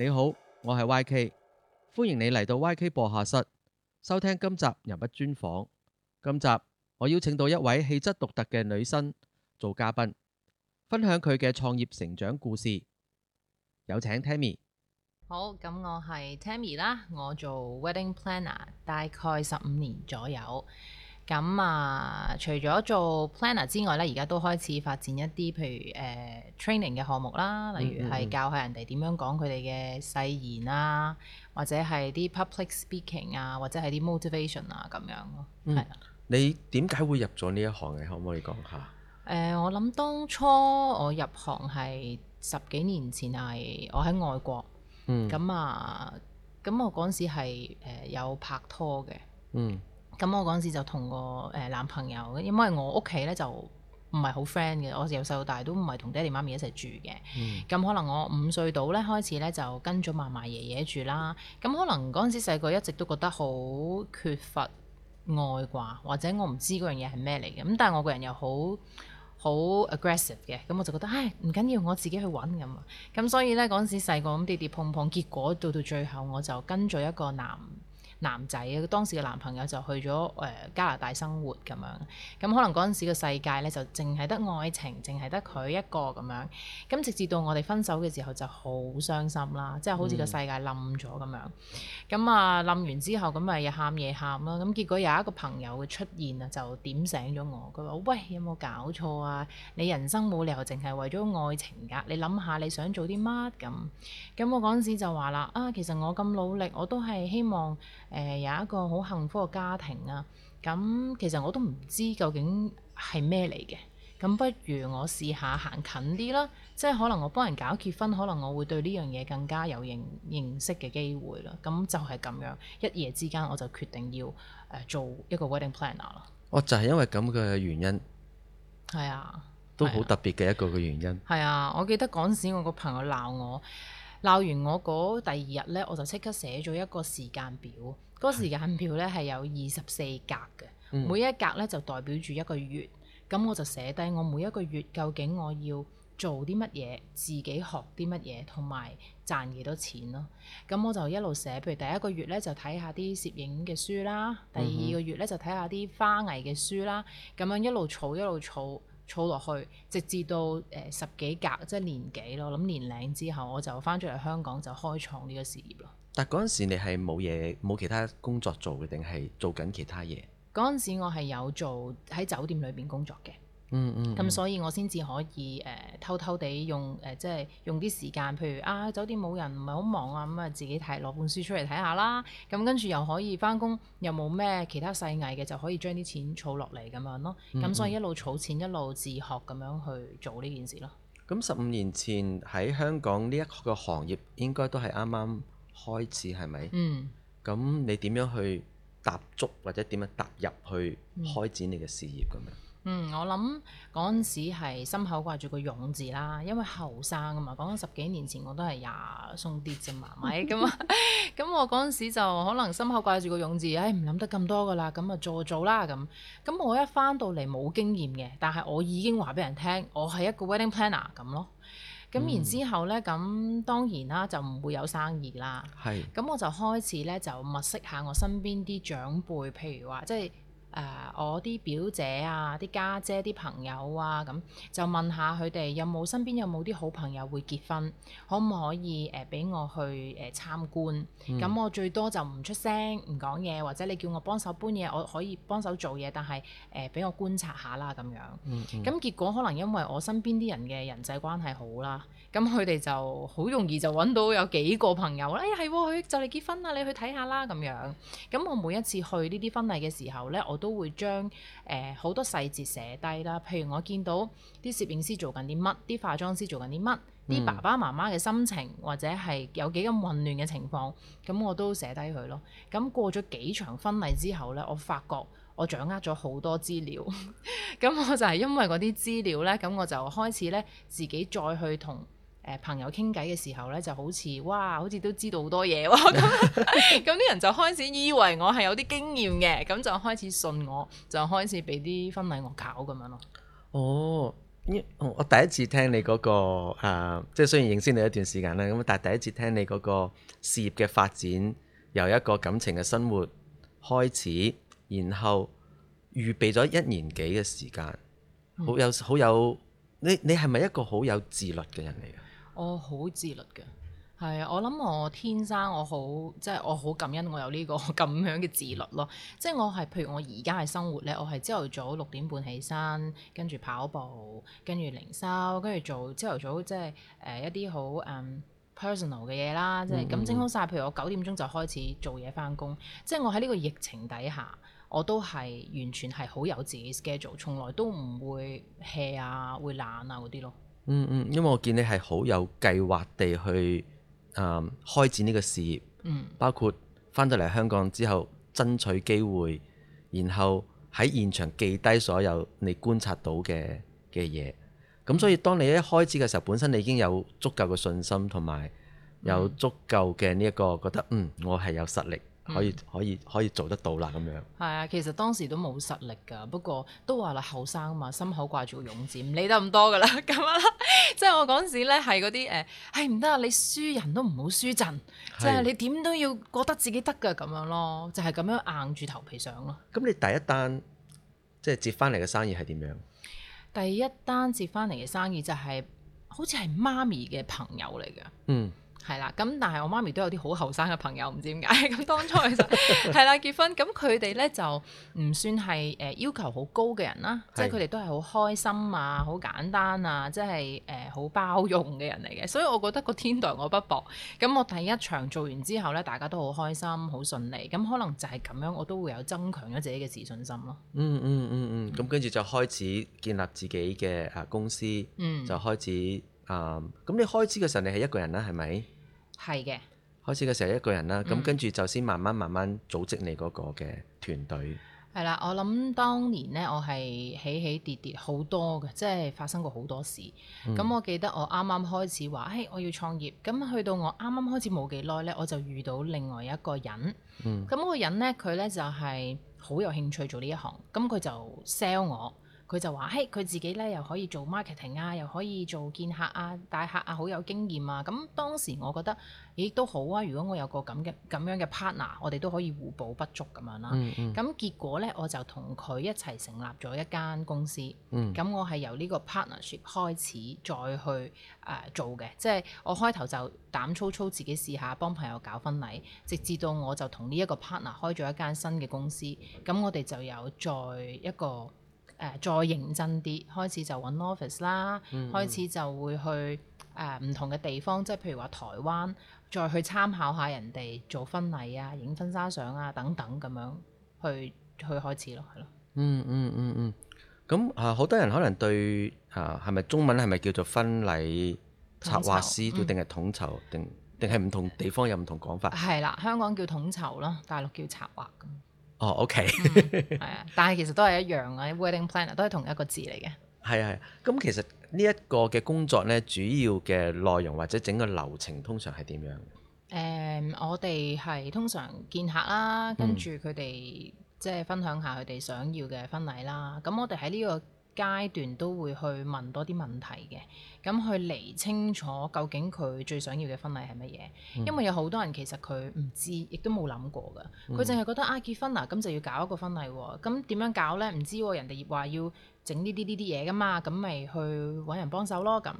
你好，我係 YK，歡迎你嚟到 YK 播客室收聽今集人物專訪。今集我邀請到一位氣質獨特嘅女生做嘉賓，分享佢嘅創業成長故事。有請 Tammy。好，咁我係 Tammy 啦，我做 Wedding Planner 大概十五年左右。咁啊，嗯嗯嗯、除咗做 planner 之外咧，而家都開始發展一啲，譬如誒、呃、training 嘅項目啦，嗯嗯、例如係教下人哋點樣講佢哋嘅誓言啊，或者係啲 public speaking 啊，或者係啲 motivation 啊咁樣咯。嗯，係啊，你點解會入咗呢一行嘅？可唔可以講下？誒、呃，我諗當初我入行係十幾年前，係我喺外國，嗯。咁啊、嗯，咁我嗰陣時係誒有拍拖嘅。嗯。嗯嗯嗯咁我嗰陣時就同個誒男朋友，因為我屋企咧就唔係好 friend 嘅，我由細到大都唔係同爹哋媽咪一齊住嘅。咁、嗯、可能我五歲到咧開始咧就跟咗嫲嫲爺爺住啦。咁可能嗰陣時細個一直都覺得好缺乏愛啩，或者我唔知嗰樣嘢係咩嚟嘅。咁但係我個人又好好 aggressive 嘅，咁我就覺得唉唔緊要，我自己去揾咁。咁所以咧嗰陣時細個咁跌跌碰碰，結果到到最後我就跟咗一個男。男仔啊，當時嘅男朋友就去咗誒加拿大生活咁樣，咁可能嗰陣時嘅世界咧就淨係得愛情，淨係得佢一個咁樣，咁直至到我哋分手嘅時候就好傷心啦，即係好似個世界冧咗咁樣，咁啊冧完之後咁咪又喊嘢喊啦，咁結果有一個朋友嘅出現啊，就點醒咗我，佢話：喂，有冇搞錯啊？你人生冇理由淨係為咗愛情㗎，你諗下你想做啲乜咁？咁我嗰陣時就話啦：啊，其實我咁努力，我都係希望。誒、呃、有一個好幸福嘅家庭啊！咁、嗯、其實我都唔知究竟係咩嚟嘅，咁、嗯、不如我試下行近啲啦，即係可能我幫人搞結婚，可能我會對呢樣嘢更加有認認識嘅機會啦。咁、嗯、就係、是、咁樣，一夜之間我就決定要誒、呃、做一個 wedding planner 咯。我、哦、就係、是、因為咁嘅原因，係啊，啊都好特別嘅一個嘅原因。係啊，啊，我記得嗰陣時我個朋友鬧我。鬧完我嗰第二日咧，我就即刻寫咗一個時間表、嗯、個時間表。嗰個時間表咧係有二十四格嘅，每一格咧就代表住一個月。咁我就寫低我每一個月究竟我要做啲乜嘢，自己學啲乜嘢，同埋賺幾多錢咯。咁我就一路寫，譬如第一個月咧就睇下啲攝影嘅書啦，第二個月咧就睇下啲花藝嘅書啦。咁、嗯、哼樣一路儲一路儲。儲落去，直至到誒十幾格，即係年幾咯。咁年領之後，我就返咗嚟香港，就開創呢個事業咯。但係嗰陣時，你係冇嘢冇其他工作做嘅，定係做緊其他嘢？嗰陣時我係有做喺酒店裏邊工作嘅。嗯嗯，咁、嗯、所以我先至可以誒、呃、偷偷地用誒、呃，即係用啲時間，譬如啊酒店冇人唔係好忙啊，咁啊自己睇攞本書出嚟睇下啦。咁、嗯嗯、跟住又可以返工，又冇咩其他細藝嘅，就可以將啲錢儲落嚟咁樣咯。咁、嗯、所以一路儲錢一路自學咁樣去做呢件事咯。咁十五年前喺香港呢一個行業應該都係啱啱開始係咪？是是嗯。咁你點樣去踏足或者點樣踏入去開展你嘅事業咁樣？嗯嗯，我諗嗰陣時係心口掛住個勇字啦，因為後生啊嘛，講緊十幾年前我都係廿鬆啲啫嘛，咪咁啊，咁我嗰陣時就可能心口掛住個勇字，誒唔諗得咁多噶啦，咁啊做做啦咁。咁我一翻到嚟冇經驗嘅，但係我已經話俾人聽，我係一個 wedding planner 咁咯。咁、嗯、然之後咧，咁當然啦，就唔會有生意啦。係是。咁我就開始咧，就物識下我身邊啲長輩，譬如話即係。誒，uh, 我啲表姐啊，啲家姐，啲朋友啊，咁就問下佢哋有冇身邊有冇啲好朋友會結婚，可唔可以誒俾、呃、我去誒參觀？咁、嗯、我最多就唔出聲，唔講嘢，或者你叫我幫手搬嘢，我可以幫手做嘢，但係誒俾我觀察下啦咁樣。咁、嗯嗯、結果可能因為我身邊啲人嘅人際關係好啦。咁佢哋就好容易就揾到有幾個朋友啦，哎係喎，佢就嚟結婚啦，你去睇下啦咁樣。咁我每一次去呢啲婚禮嘅時候呢，我都會將誒好多細節寫低啦。譬如我見到啲攝影師做緊啲乜，啲化妝師做緊啲乜，啲、嗯、爸爸媽媽嘅心情或者係有幾咁混亂嘅情況，咁我都寫低佢咯。咁過咗幾場婚禮之後呢，我發覺我掌握咗好多資料。咁 我就係因為嗰啲資料呢，咁我就開始呢，自己再去同朋友傾偈嘅時候呢，就好似哇，好似都知道好多嘢喎。咁啲 人就開始以為我係有啲經驗嘅，咁就開始信我，就開始俾啲婚禮我搞咁樣咯。哦，我第一次聽你嗰、嗰個即係、呃、雖然認識你一段時間啦，咁但係第一次聽你嗰個事業嘅發展，由一個感情嘅生活開始，然後預備咗一年幾嘅時間，好、嗯、有好有，你你係咪一個好有自律嘅人嚟嘅？我好、oh，自律嘅，係啊！我諗我天生我好，即係我好感恩我有呢、呢個咁樣嘅自律咯。即係我係譬如我而家嘅生活咧，我係朝頭早六點半起身，跟住跑步，跟住零收，跟住做朝頭早即係誒一啲好 personal 嘅嘢啦。即係咁清空晒。譬如我九點鐘就開始做嘢翻工，即係我喺呢個疫情底下，我都係完全係好有自己 schedule，從來都唔會 hea 啊，會懶啊嗰啲咯。嗯嗯，因為我見你係好有計劃地去誒、嗯、開展呢個事業，包括翻到嚟香港之後爭取機會，然後喺現場記低所有你觀察到嘅嘅嘢，咁所以當你一開始嘅時候，本身你已經有足夠嘅信心同埋有，有足夠嘅呢一個覺得嗯，我係有實力。可以可以可以做得到啦咁、嗯、樣。係啊，其實當時都冇實力噶，不過都話啦，後生嘛，心口掛住個勇字，唔理得咁多噶啦，咁樣啦。即係我嗰陣時咧，係嗰啲誒，係唔得啊！你輸人都唔好輸陣，即係的你點都要覺得自己得噶咁樣咯，就係咁樣硬住頭皮上咯。咁你第一單即係接翻嚟嘅生意係點樣？第一單接翻嚟嘅生意就係好似係媽咪嘅朋友嚟嘅。嗯。係啦，咁但係我媽咪都有啲好後生嘅朋友，唔知點解咁當初其實係啦結婚，咁佢哋咧就唔算係誒、呃、要求好高嘅人啦，是的 即係佢哋都係好開心啊，好簡單啊，即係誒好包容嘅人嚟嘅，所以我覺得個天待我不薄。咁我第一場做完之後咧，大家都好開心，好順利，咁可能就係咁樣，我都會有增強咗自己嘅自信心咯、啊嗯。嗯嗯嗯嗯，咁跟住就開始建立自己嘅誒公司，就開始。啊，咁、um, 你開始嘅時候，你係一個人啦，係咪？係嘅。開始嘅時候一個人啦，咁跟住就先慢慢慢慢組織你嗰個嘅團隊。係啦，我諗當年呢，我係起起跌跌好多嘅，即係發生過好多事。咁、嗯、我記得我啱啱開始話，誒、哎、我要創業。咁去到我啱啱開始冇幾耐呢，我就遇到另外一個人。咁嗰、嗯、個人呢，佢呢就係好有興趣做呢一行，咁佢就 sell 我。佢就話：嘿，佢自己咧又可以做 marketing 啊，又可以做見客啊、帶客啊，好有經驗啊。咁當時我覺得亦、欸、都好啊。如果我有個咁嘅咁樣嘅 partner，我哋都可以互補不足咁樣啦、啊。咁、嗯嗯、結果咧，我就同佢一齊成立咗一間公司。咁、嗯、我係由呢個 partnership 開始再去誒、呃、做嘅，即係我開頭就膽粗粗自己試下幫朋友搞婚禮，直至到我就同呢一個 partner 開咗一間新嘅公司。咁我哋就有再一個。誒再認真啲，開始就揾 office 啦，嗯嗯嗯嗯嗯，開始就會去誒呃、唔同嘅地方，即係譬如話台灣，再去參考下人哋做婚禮啊、影婚紗相啊等等咁樣，去去開始咯，係咯。嗯嗯嗯嗯，咁啊好多人可能對啊係咪中文係咪叫做婚禮策劃師，定係統籌，定定係唔同地方有唔同講法？係啦、嗯，香港叫統籌啦，大陸叫策劃咁。哦、oh，OK，係 啊、嗯，但係其實都係一樣啊。Wedding planner 都係同一個字嚟嘅。係啊係啊，咁、嗯、其實呢一個嘅工作咧，主要嘅內容或者整個流程通常係點樣？誒、嗯，我哋係通常見客啦，跟住佢哋即係分享下佢哋想要嘅婚禮啦。咁、嗯、我哋喺呢個階段都會去問多啲問題嘅，咁去釐清楚究竟佢最想要嘅婚禮係乜嘢，嗯、因為有好多人其實佢唔知，亦都冇諗過㗎，佢淨係覺得啊結婚喇，咁就要搞一個婚禮喎，咁點樣搞咧？唔知喎、哦，人哋話要整呢啲呢啲嘢㗎嘛，咁咪去揾人幫手咯，咁，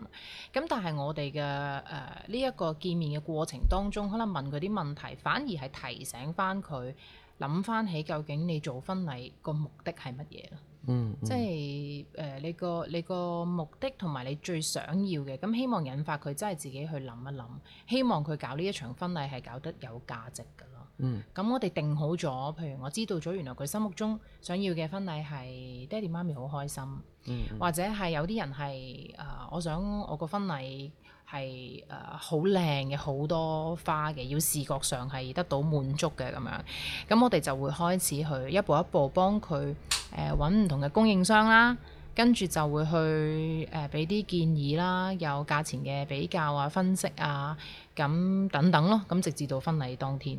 咁但係我哋嘅誒呢一個見面嘅過程當中，可能問佢啲問題，反而係提醒翻佢。諗翻起究竟你做婚禮個目的係乜嘢咯？嗯，即係誒、呃、你個你個目的同埋你最想要嘅，咁希望引發佢真係自己去諗一諗，希望佢搞呢一場婚禮係搞得有價值㗎咯。嗯，咁我哋定好咗，譬如我知道咗原來佢心目中想要嘅婚禮係爹哋媽咪好開心，嗯，嗯，或者係有啲人係誒、呃，我想我個婚禮。係誒好靚嘅，好多花嘅，要視覺上係得到滿足嘅咁樣。咁我哋就會開始去一步一步幫佢誒揾唔同嘅供應商啦，跟住就會去誒俾啲建議啦，有價錢嘅比較啊、分析啊，咁等等咯，咁直至到婚禮當天。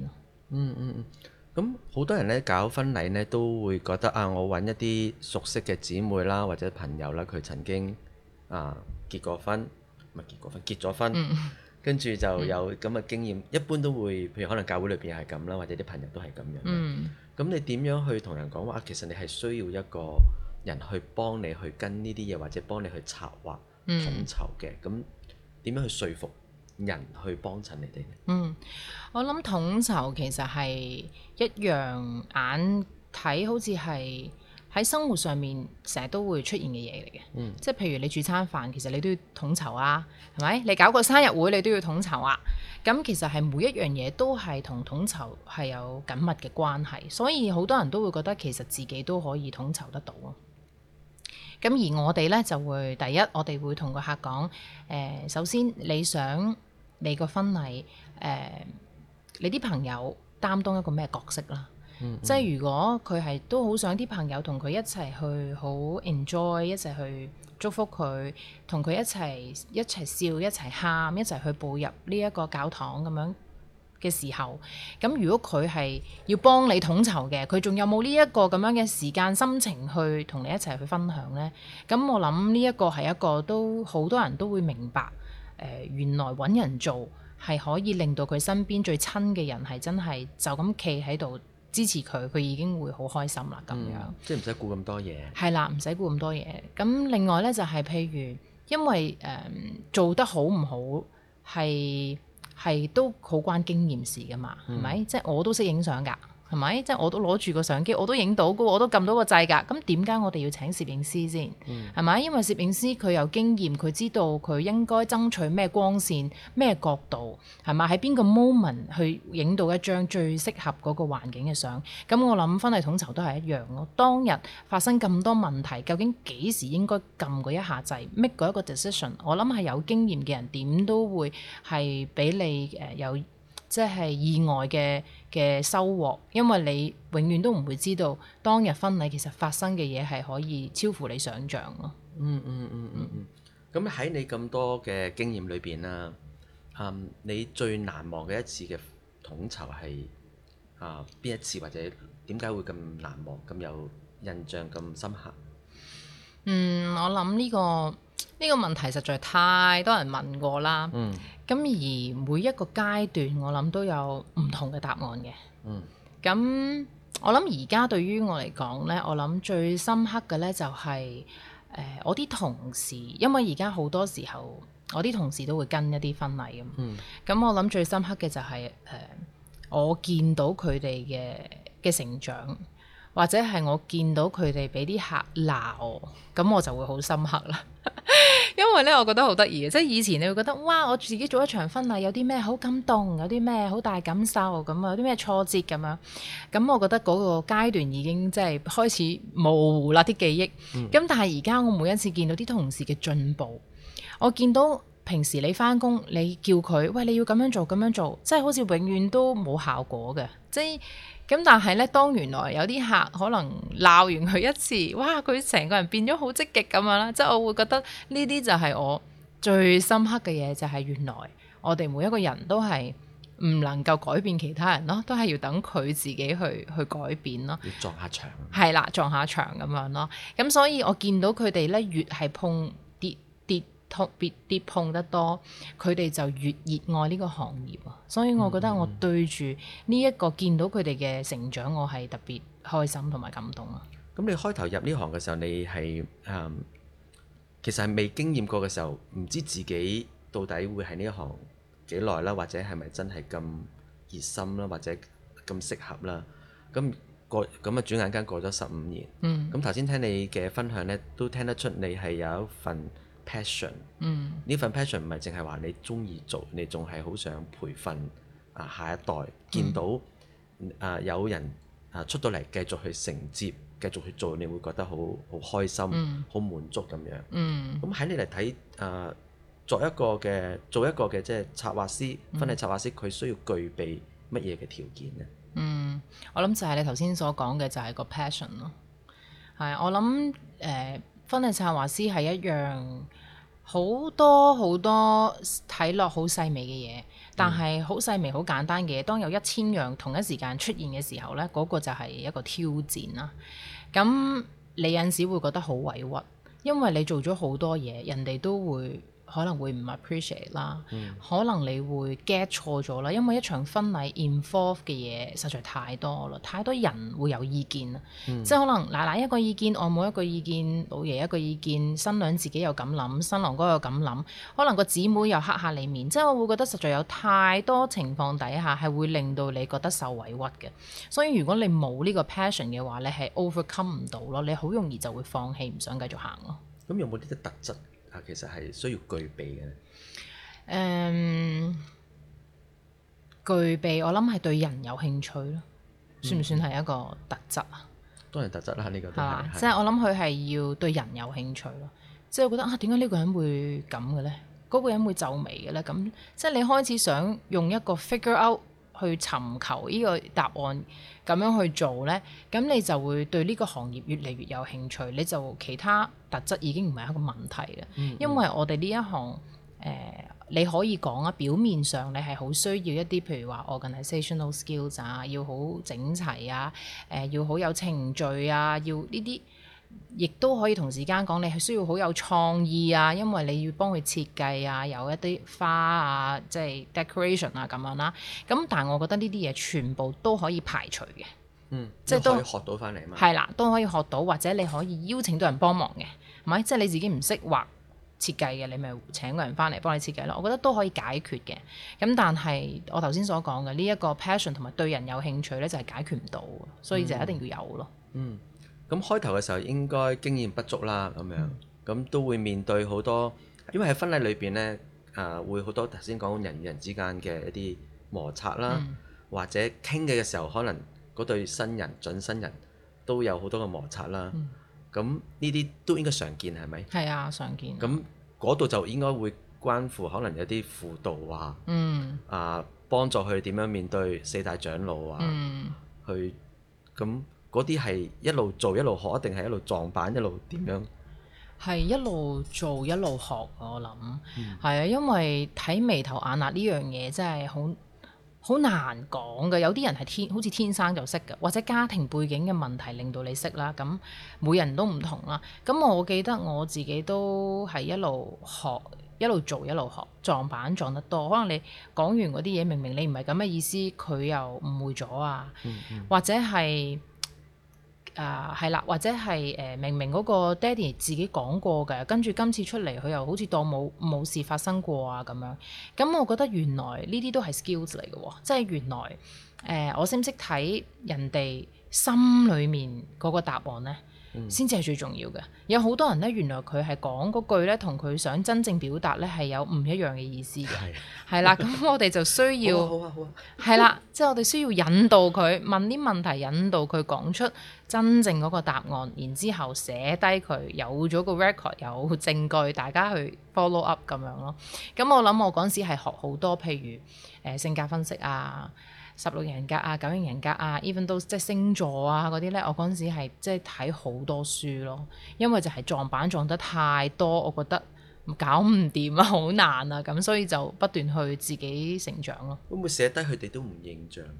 嗯嗯嗯，咁好多人咧搞婚禮咧都會覺得啊，我揾一啲熟悉嘅姊妹啦或者朋友啦，佢曾經啊結過婚。咪結過婚，結咗婚，跟住、嗯、就有咁嘅經驗。嗯、一般都會，譬如可能教會裏邊係咁啦，或者啲朋友都係咁樣。咁、嗯、你點樣去同人講話，啊？其實你係需要一個人去幫你去跟呢啲嘢，或者幫你去策劃統籌嘅。咁點、嗯、樣去説服人去幫襯你哋？嗯，我諗統籌其實係一樣眼睇好似係。喺生活上面成日都會出現嘅嘢嚟嘅，即係、嗯、譬如你煮餐飯，其實你都要統籌啊，係咪？你搞個生日會，你都要統籌啊。咁其實係每一樣嘢都係同統籌係有緊密嘅關係，所以好多人都會覺得其實自己都可以統籌得到咯。咁而我哋呢，就會第一，我哋會同個客講，誒、呃，首先你想你個婚禮，誒、呃，你啲朋友擔當一個咩角色啦？即係如果佢係都好想啲朋友同佢一齊去好 enjoy，一齊去祝福佢，同佢一齊一齊笑一齊喊一齊去步入呢一個教堂咁樣嘅時候，咁如果佢係要幫你統籌嘅，佢仲有冇呢一個咁樣嘅時間心情去同你一齊去分享呢？咁我諗呢一個係一個都好多人都會明白，誒、呃，原來搵人做係可以令到佢身邊最親嘅人係真係就咁企喺度。支持佢，佢已經會好開心啦。咁樣、嗯、即係唔使顧咁多嘢。係啦，唔使顧咁多嘢。咁另外咧就係、是、譬如，因為誒、呃、做得好唔好係係都好關經驗事噶嘛，係咪、嗯？即係我都識影相㗎。係咪？即係我都攞住個相機，我都影到嘅，我都撳到個掣㗎。咁點解我哋要請攝影師先？係咪、嗯？因為攝影師佢有經驗，佢知道佢應該爭取咩光線、咩角度，係咪？喺邊個 moment 去影到一張最適合嗰個環境嘅相？咁、嗯、我諗婚禮統籌都係一樣咯。當日發生咁多問題，究竟幾時應該撳嗰一下掣、make 嗰一個 decision？我諗係有經驗嘅人點都會係俾你誒有。即係意外嘅嘅收穫，因為你永遠都唔會知道當日婚禮其實發生嘅嘢係可以超乎你想象咯、嗯。嗯嗯嗯嗯嗯。咁、嗯、喺、嗯、你咁多嘅經驗裏邊啦，啊、嗯、你最難忘嘅一次嘅統籌係啊邊一次，或者點解會咁難忘，咁有印象咁深刻？嗯，我諗呢個呢個問題實在太多人問過啦。嗯。咁而每一個階段，我諗都有唔同嘅答案嘅。嗯。咁我諗而家對於我嚟講咧，我諗最深刻嘅咧就係誒我啲同事，因為而家好多時候我啲同事都會跟一啲婚禮咁。嗯。咁我諗最深刻嘅就係誒我見到佢哋嘅嘅成長，或者係我見到佢哋俾啲客鬧我，咁我就會好深刻啦。 因為咧，我覺得好得意嘅，即係以前你會覺得，哇！我自己做一場婚禮，有啲咩好感動，有啲咩好大感受，咁啊，有啲咩挫折咁樣。咁我覺得嗰個階段已經即係開始模糊啦啲記憶。咁、嗯、但係而家我每一次見到啲同事嘅進步，我見到平時你返工，你叫佢喂，你要咁樣做咁樣做，即係好似永遠都冇效果嘅，即係。咁但係咧，當原來有啲客可能鬧完佢一次，哇！佢成個人變咗好積極咁樣啦，即係我會覺得呢啲就係我最深刻嘅嘢，就係、是、原來我哋每一個人都係唔能夠改變其他人咯，都係要等佢自己去去改變咯。要撞下牆係啦，撞下牆咁樣咯。咁、嗯嗯、所以我見到佢哋咧，越係碰。特別啲碰得多，佢哋就越熱愛呢個行業啊！所以我覺得我對住呢一個見到佢哋嘅成長，我係特別開心同埋感動啊！咁、嗯、你開頭入呢行嘅時候，你係誒、嗯、其實係未經驗過嘅時候，唔知自己到底會喺呢行幾耐啦，或者係咪真係咁熱心啦，或者咁適合啦？咁過咁啊，轉眼間過咗十五年。嗯。咁頭先聽你嘅分享呢，都聽得出你係有一份。passion，、嗯、呢份 passion 唔係淨係話你中意做，你仲係好想培訓啊下一代，嗯、見到啊、呃、有人啊出到嚟繼續去承接，繼續去做，你會覺得好好開心、好滿、嗯、足咁樣。咁喺、嗯、你嚟睇啊，作一個嘅做一個嘅即係策劃師、婚禮、嗯、策劃師，佢需要具備乜嘢嘅條件咧？嗯，我諗就係你頭先所講嘅就係個 passion 咯。係，我諗誒婚禮策劃師係一樣。好多好多睇落好細微嘅嘢，但係好細微、好簡單嘅嘢。當有一千樣同一時間出現嘅時候咧，嗰個就係一個挑戰啦。咁你有陣時會覺得好委屈，因為你做咗好多嘢，人哋都會。可能會唔 appreciate 啦，可能你會 get 錯咗啦，因為一場婚禮 involve 嘅嘢實在太多啦，太多人會有意見啦，嗯、即係可能奶奶一個意見，外母一個意見，老爺一個意見，新娘自己又咁諗，新郎哥又咁諗，可能個姊妹又黑下你面，即係我會覺得實在有太多情況底下係會令到你覺得受委屈嘅，所以如果你冇呢個 passion 嘅話，你係 overcome 唔到咯，你好容易就會放棄唔想繼續行咯。咁有冇啲啲特質？其實係需要具備嘅。誒，um, 具備我諗係對人有興趣咯。算唔算係一個特質啊？當然、嗯、特質啦，呢、這個係嘛？吧是即係我諗佢係要對人有興趣咯。即係我覺得啊，點解呢個人會咁嘅咧？嗰、那個人會皺眉嘅咧？咁即係你開始想用一個 figure out。去尋求呢個答案，咁樣去做咧，咁你就會對呢個行業越嚟越有興趣，你就其他特質已經唔係一個問題喇，嗯嗯，因為我哋呢一行誒、呃，你可以講啊，表面上你係好需要一啲譬如話 organizational skills 啊、呃，要好整齊啊，誒，要好有程序啊，要呢啲。亦都可以同時間講，你係需要好有創意啊，因為你要幫佢設計啊，有一啲花啊，即係 decoration 啊咁樣啦啊。咁但係我覺得呢啲嘢全部都可以排除嘅。嗯，即係都可以學到翻嚟嘛。係啦，都可以學到，或者你可以邀請到人幫忙嘅，唔係即係你自己唔識畫設計嘅，你咪請個人翻嚟幫你設計咯。我覺得都可以解決嘅。咁但係我頭先所講嘅呢一個 passion 同埋對人有興趣咧，就係解決唔到，所以就一定要有咯。嗯。嗯。咁、嗯、開頭嘅時候應該經驗不足啦，咁樣咁都會面對好多，因為喺婚禮裏邊呢，誒、呃、會好多頭先講人與人之間嘅一啲摩擦啦，嗯、或者傾偈嘅時候，可能嗰對新人、準新人都有好多嘅摩擦啦。咁呢啲都應該常見，係咪？係啊，常見。咁嗰度就應該會關乎可能有啲輔導啊，嗯、啊幫助佢點樣面對四大長老啊，嗯、去咁。嗰啲係一路做一路學，定係一路撞板一路點樣？係一路做一路學，我諗係啊，嗯、因為睇眉頭眼額呢樣嘢真係好好難講嘅。有啲人係天好似天生就識嘅，或者家庭背景嘅問題令到你識啦。咁每人都唔同啦。咁我記得我自己都係一路學一路做一路學，撞板撞得多，可能你講完嗰啲嘢明明你唔係咁嘅意思，佢又誤會咗啊，嗯嗯或者係。啊，係啦，或者係誒、呃、明明嗰個爹地自己講過嘅，跟住今次出嚟佢又好似當冇冇事發生過啊咁樣。咁我覺得原來呢啲都係 skills 嚟嘅喎，即係原來誒、呃、我識唔識睇人哋心裡面嗰個答案咧？先至係最重要嘅，有好多人咧，原來佢係講嗰句咧，同佢想真正表達咧係有唔一樣嘅意思嘅，係啦， 咁我哋就需要， 好啊、好啊、係啦，即係、啊啊 就是、我哋需要引導佢問啲問題，引導佢講出真正嗰個答案，然之後寫低佢有咗個 record 有證據，大家去 follow up 咁樣咯。咁我諗我嗰陣時係學好多，譬如誒、呃、性格分析啊。十六人格啊，九型人格啊，even 都即係星座啊嗰啲咧，我嗰陣時係即係睇好多書咯，因為就係撞板撞得太多，我覺得搞唔掂啊，好難啊，咁所以就不斷去自己成長咯、啊。會唔會寫低佢哋都唔認帳啊？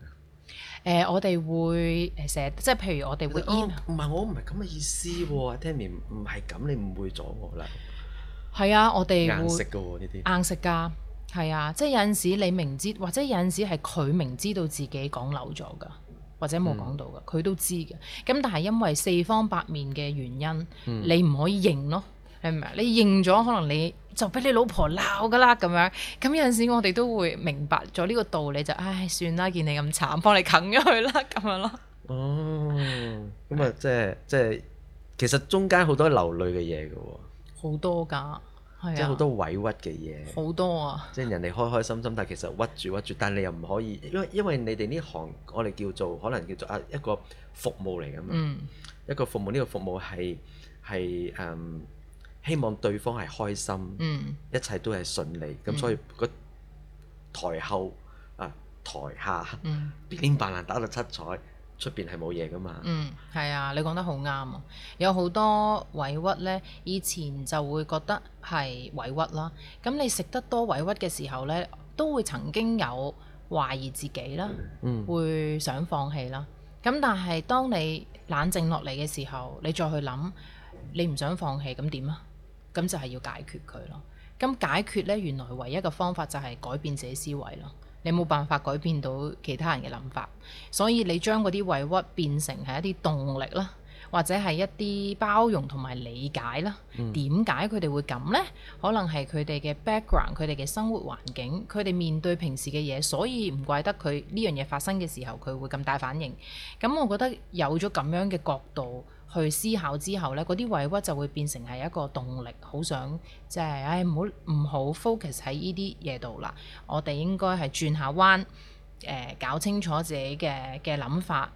誒、呃，我哋會誒寫，即係譬如我哋會。唔係，我唔係咁嘅意思喎 Tiffany 唔係咁，你唔會阻我啦。係啊，我哋、啊。硬食噶喎呢啲。硬食㗎。係啊，即係有陣時你明知，或者有陣時係佢明知道自己講漏咗噶，或者冇講到噶，佢、嗯、都知嘅。咁但係因為四方八面嘅原因，嗯、你唔可以認咯，係咪？你明你認咗，可能你就俾你老婆鬧噶啦咁樣。咁有陣時我哋都會明白咗呢個道理，就唉算啦，見你咁慘，幫你啃咗佢啦咁樣咯。哦，咁啊、就係，即係即係，其實中間好多流淚嘅嘢嘅喎。好多㗎。即係好多委屈嘅嘢，好多啊！即係人哋開開心心，但係其實屈住屈住，但係你又唔可以，因為因為你哋呢行我哋叫做可能叫做一個、嗯、一個服務嚟㗎嘛，一、這個服務呢個服務係係誒希望對方係開心，嗯、一切都係順利，咁、嗯、所以台後，啊台下點扮爛打到七彩。出面係冇嘢㗎嘛？嗯，係啊，你講得好啱啊！有好多委屈呢，以前就會覺得係委屈啦。咁你食得多委屈嘅時候呢，都會曾經有懷疑自己啦，嗯、會想放棄啦。咁但係當你冷靜落嚟嘅時候，你再去諗，你唔想放棄咁點啊？咁就係要解決佢咯。咁解決呢，原來唯一嘅方法就係改變自己思維咯。你冇辦法改變到其他人嘅諗法，所以你將嗰啲委屈變成係一啲動力啦，或者係一啲包容同埋理解啦。點解佢哋會咁呢？可能係佢哋嘅 background，佢哋嘅生活環境，佢哋面對平時嘅嘢，所以唔怪得佢呢樣嘢發生嘅時候，佢會咁大反應。咁我覺得有咗咁樣嘅角度，去思考之後呢，嗰啲委屈就會變成係一個動力，好想即係，唉、就是，唔好唔好 focus 喺呢啲嘢度啦。我哋應該係轉下彎，誒、呃，搞清楚自己嘅嘅諗法，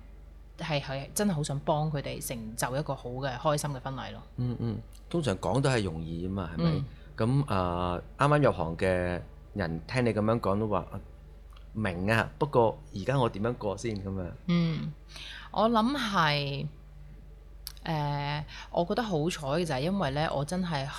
係係真係好想幫佢哋成就一個好嘅開心嘅婚禮咯。嗯嗯，通常講都係容易啊嘛，係咪？咁啊、嗯，啱啱、呃、入行嘅人聽你咁樣講都話、啊、明啊，不過而家我點樣過先咁啊？嗯，我諗係。誒、呃，我覺得好彩嘅就係、是、因為咧，我真係誒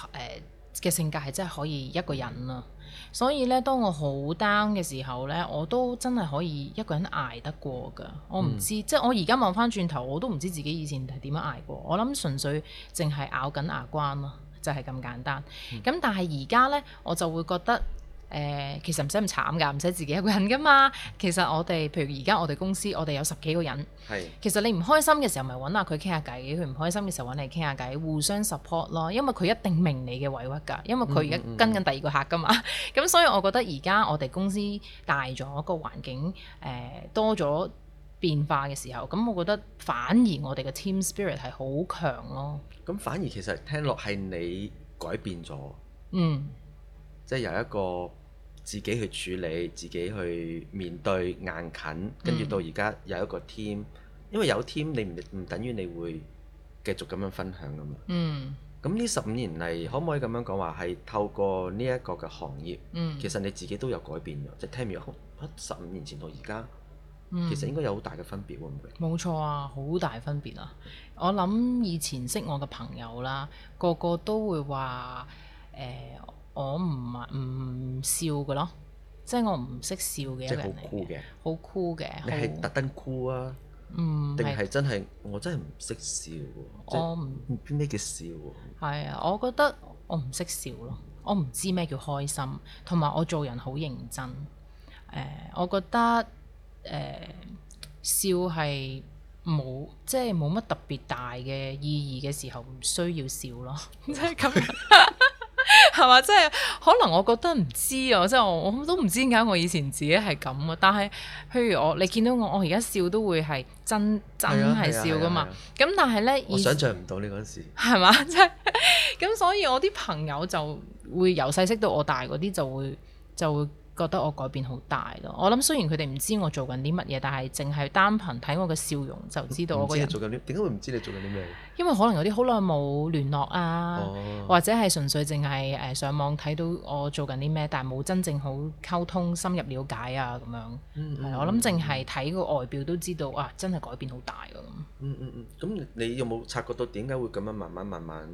嘅性格係真係可以一個人咯、啊，所以咧，當我好 down 嘅時候咧，我都真係可以一個人捱得過噶。我唔知，嗯、即係我而家望翻轉頭，我都唔知自己以前係點樣捱過。我諗純粹淨係咬緊牙關咯、啊，就係、是、咁簡單。咁、嗯、但係而家咧，我就會覺得。誒、呃、其實唔使咁慘㗎，唔使自己一個人㗎嘛。其實我哋譬如而家我哋公司，我哋有十幾個人。係是其實你唔開心嘅時候，咪揾下佢傾下偈；佢唔開心嘅時候，揾你傾下偈，互相 support 咯。因為佢一定明你嘅委屈㗎，因為佢而家跟緊第二個客㗎嘛。咁、嗯嗯 嗯、所以我覺得而家我哋公司大咗個環境，誒、呃、多咗變化嘅時候，咁我覺得反而我哋嘅 team spirit 係好強咯。咁反而其實聽落係你改變咗。嗯。即係由一個自己去處理，自己去面對硬啃，跟住到而家有一個 team，因為有 team 你唔唔等於你會繼續咁樣分享㗎嘛。嗯，咁呢十五年嚟可唔可以咁樣講話係透過呢一個嘅行業，其實你自己都有改變㗎，即係、嗯、聽唔到十五年前到而家，嗯、其實應該有好大嘅分別喎、啊。冇、嗯、明錯啊，好大分別啊！我諗以前識我嘅朋友啦，個個都會話誒。呃我唔係唔笑嘅咯，即係我唔識笑嘅一個人嚟嘅，好酷嘅。酷你係特登酷啊？定係、嗯、真係我真係唔識笑？我唔咩叫笑？係啊，我覺得我唔識笑咯，我唔知咩叫開心，同埋我做人好認真。誒、呃，我覺得誒、呃、笑係冇即係冇乜特別大嘅意義嘅時候，唔需要笑咯。即係咁。係嘛， 即係可能我覺得唔知啊，即係我我都唔知點解我以前自己係咁啊。但係譬如，我你見到我，我而家笑都會係真真係笑噶嘛。咁、啊啊啊啊啊、但係呢，我想象唔到呢嗰陣時係嘛，即係咁。所以我啲朋友就會由細識到我大嗰啲，就會就會。就會覺得我改變好大咯！我諗雖然佢哋唔知我做緊啲乜嘢，但係淨係單憑睇我嘅笑容就知道我。唔知你做緊啲點解會唔知你做緊啲咩？因為可能有啲好耐冇聯絡啊，哦、或者係純粹淨係誒上網睇到我做緊啲咩，但係冇真正好溝通、深入了解啊咁樣。嗯，嗯，嗯，嗯係我諗，淨係睇個外表都知道啊，真係改變好大㗎咁。嗯嗯嗯咁你有冇察覺到點解會咁樣慢慢慢慢？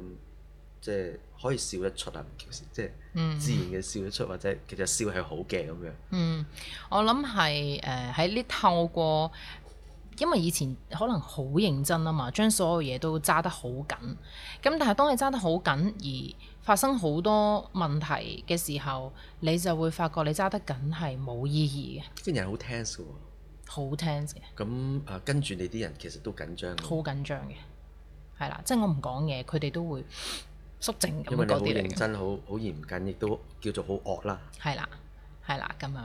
即係可以笑得出啊！唔好笑，即係自然嘅笑得出，或者其實笑係好嘅咁樣。嗯，我諗係誒喺呢透過，因為以前可能好認真啊嘛，將所有嘢都揸得好緊。咁但係當你揸得好緊而發生好多問題嘅時候，你就會發覺你揸得緊係冇意義嘅。啲人好 tense 好 tense 嘅。咁啊，跟住你啲人其實都緊張。好緊張嘅，係啦，即係我唔講嘢，佢哋都會。縮整咁多啲嘅。你好認真，好好嚴謹，亦都叫做好惡啦。係啦、啊，係啦、啊，咁樣。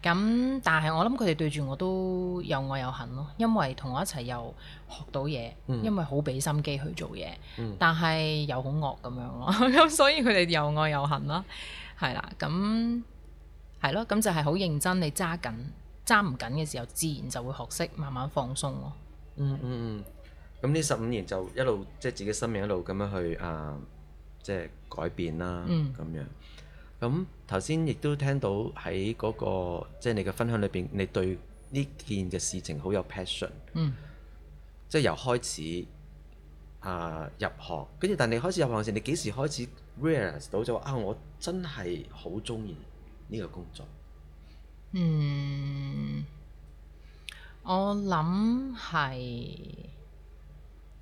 咁但係我諗佢哋對住我都又愛又恨咯，因為同我一齊又學到嘢，嗯、因為好俾心機去做嘢，但係又好惡咁樣咯。咁 所以佢哋又愛又恨啦，係啦、啊，咁係咯，咁、啊、就係好認真，你揸緊揸唔緊嘅時候，自然就會學識慢慢放鬆咯。嗯嗯嗯。咁呢十五年就一路即係自己生命一路咁樣去啊。即係改變啦，咁、嗯、樣咁頭先亦都聽到喺嗰、那個即係、就是、你嘅分享裏邊，你對呢件嘅事情好有 passion，嗯、即係由開始啊入行，跟住但係你開始入行嘅時，你幾時開始 realize 到就話啊，我真係好中意呢個工作。嗯，我諗係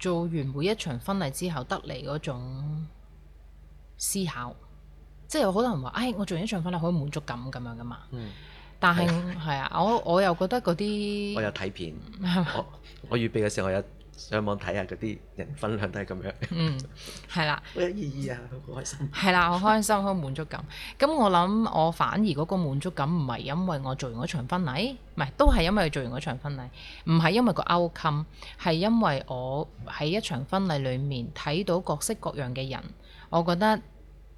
做完每一場婚禮之後得嚟嗰種。思考，即係有好多人話：哎，我做完一場婚禮好有滿足感咁樣噶嘛？但係，係啊，我我又覺得嗰啲我有睇片。吧我我預備嘅時候，我有上網睇下嗰啲人分享都係咁樣。嗯，係啦、啊，好 有意義啊，好開心。係啦、啊，好開心，好滿足感。咁 我諗，我反而嗰個滿足感唔係因為我做完一場婚禮，唔係都係因為做完一場婚禮，唔係因為個 outcome，係因為我喺一場婚禮裡面睇到各式各樣嘅人、人。我覺得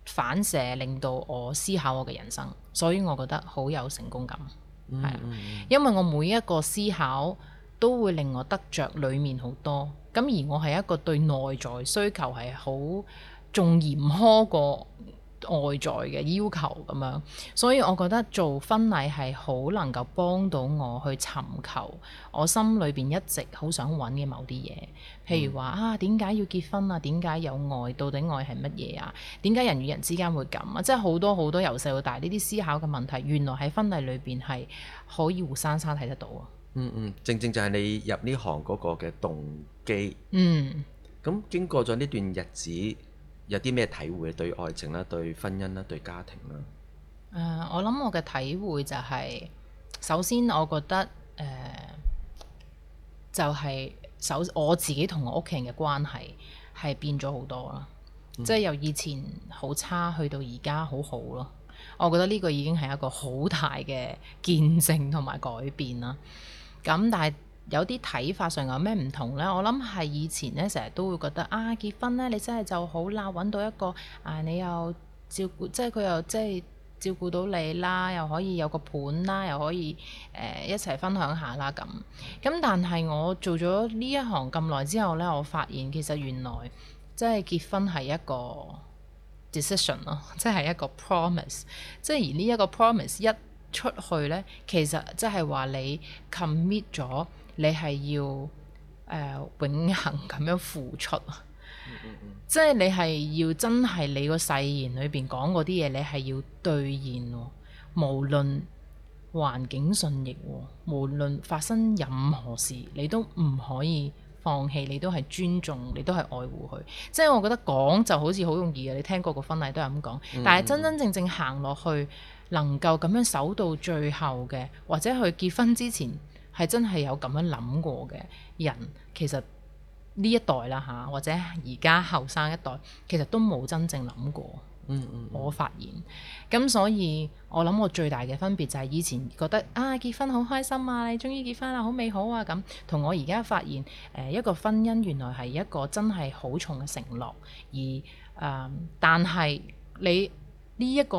反射令到我思考我嘅人生，所以我覺得好有成功感，係，mm hmm，因為我每一個思考都會令我得着裡面好多，咁而我係一個對內在需求係好仲嚴苛過。外在嘅要求咁樣，所以我覺得做婚禮係好能夠幫到我去尋求我心裏邊一直好想揾嘅某啲嘢，譬如話、嗯、啊，點解要結婚啊？點解有愛？到底愛係乜嘢啊？點解人與人之間會咁啊？即係好多好多由細到大呢啲思考嘅問題，原來喺婚禮裏邊係可以活生生睇得到啊！嗯嗯，正正就係你入呢行嗰個嘅動機，嗯。咁經過咗呢段日子。有啲咩體會啊？對愛情啦，對婚姻啦，對家庭啦。誒、呃，我諗我嘅體會就係、是，首先我覺得誒、呃，就係、是、首我自己同我屋企人嘅關係係變咗好多啦，嗯、即係由以前好差去到而家好好咯。我覺得呢個已經係一個好大嘅見證同埋改變啦。咁但係有啲睇法上有咩唔同咧？我諗係以前咧，成日都會覺得啊，結婚咧，你真係就好啦，揾到一個啊，你又照顧，即係佢又即係照顧到你啦，又可以有個伴啦，又可以誒、呃、一齊分享下啦。咁咁，但係我做咗呢一行咁耐之後咧，我發現其實原來即係結婚係一個 decision 咯，即係一個 promise。即係而呢一個 promise 一出去咧，其實即係話你 commit 咗。你係要誒、呃、永恆咁樣付出，嗯嗯、即係你係要真係你個誓言裏邊講嗰啲嘢，你係要兌現喎。無論環境順逆喎，無論發生任何事，你都唔可以放棄，你都係尊重，你都係愛護佢。即係我覺得講就好似好容易嘅，你聽過個婚禮都係咁講，嗯、但係真真正正行落去能夠咁樣守到最後嘅，或者去結婚之前，係真係有咁樣諗過嘅人，其實呢一代啦吓，或者而家後生一代，其實都冇真正諗過。嗯嗯，我發現。咁所以，我諗我最大嘅分別就係以前覺得，啊，結婚好開心啊，你終於結婚啦，好美好啊咁，同我而家發現誒、呃、一個婚姻原來係一個真係好重嘅承諾。而誒、呃，但係你呢一、這個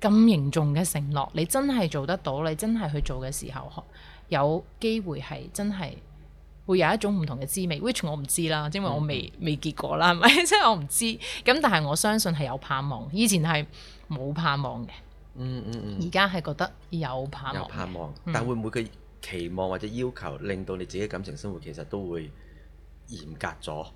咁嚴重嘅承諾，你真係做得到，你真係去做嘅時候。有機會係真係會有一種唔同嘅滋味，which 我唔知啦，因為我未未、嗯嗯、結果啦，係咪？即 係我唔知。咁但係我相信係有盼望，以前係冇盼望嘅。嗯嗯嗯。而家係覺得有盼望。有盼望。但會唔會佢期望或者要求，令到你自己感情生活其實都會嚴格咗？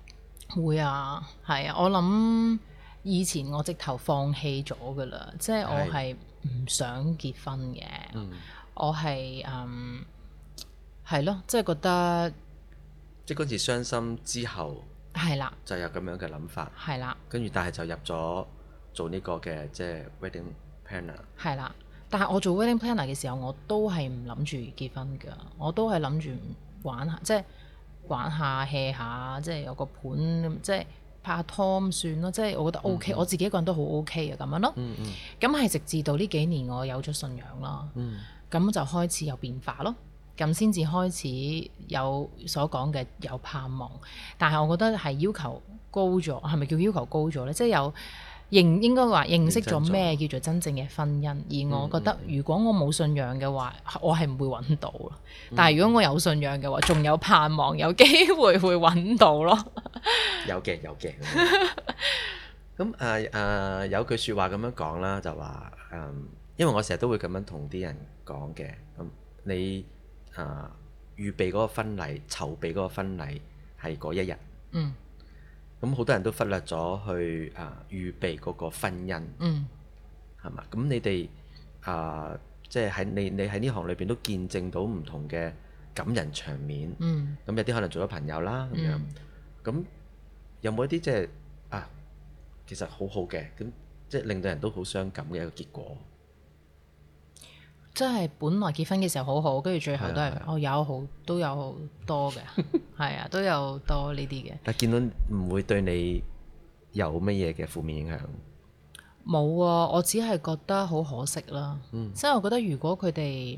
會啊，係啊。我諗以前我直頭放棄咗㗎啦，即係我係唔想結婚嘅。的嗯、我係嗯。係咯，即係覺得即嗰次傷心之後，係啦的，就有咁樣嘅諗法，係啦的。跟住但係就入咗做呢個嘅即係 wedding planner，係啦。但係我做 wedding planner 嘅時候，我都係唔諗住結婚㗎，我都係諗住玩，玩，下，玩，下，玩，下，玩下，即係玩下 hea 下，即係有個盤，即係拍下拖算咯。即係我覺得 O、OK, K，、嗯嗯、我自己一個人都好 O K 啊咁樣咯。嗯咁、嗯、係直至到呢幾年，我有咗信仰啦，嗯，咁就開始有變化咯。咁先至開始有所講嘅有盼望，但係我覺得係要求高咗，係咪叫要求高咗呢？即係有認應該話認識咗咩叫做真正嘅婚姻？而我覺得，嗯、如果我冇信仰嘅話，我係唔會揾到咯。但係如果我有信仰嘅話，仲有盼望，有機會會揾到咯。有嘅有嘅。咁啊啊，有句説話咁樣講啦，就話誒、嗯，因為我成日都會咁樣同啲人講嘅咁你。啊！預備嗰個婚禮，籌備嗰個婚禮係嗰一日。嗯。咁好多人都忽略咗去啊預備嗰個婚姻。嗯。係嘛？咁你哋啊，即係喺你你喺呢行裏邊都見證到唔同嘅感人場面。嗯。咁有啲可能做咗朋友啦，咁樣。嗯。咁有冇一啲即係啊，其實好好嘅，咁即係令到人都好傷感嘅一個結果。真係本來結婚嘅時候好好，跟住最後都係、啊啊、哦，有好都有好多嘅，係 啊都有多呢啲嘅。但見到唔會對你有乜嘢嘅負面影響？冇啊，我只係覺得好可惜啦。嗯，所以我覺得如果佢哋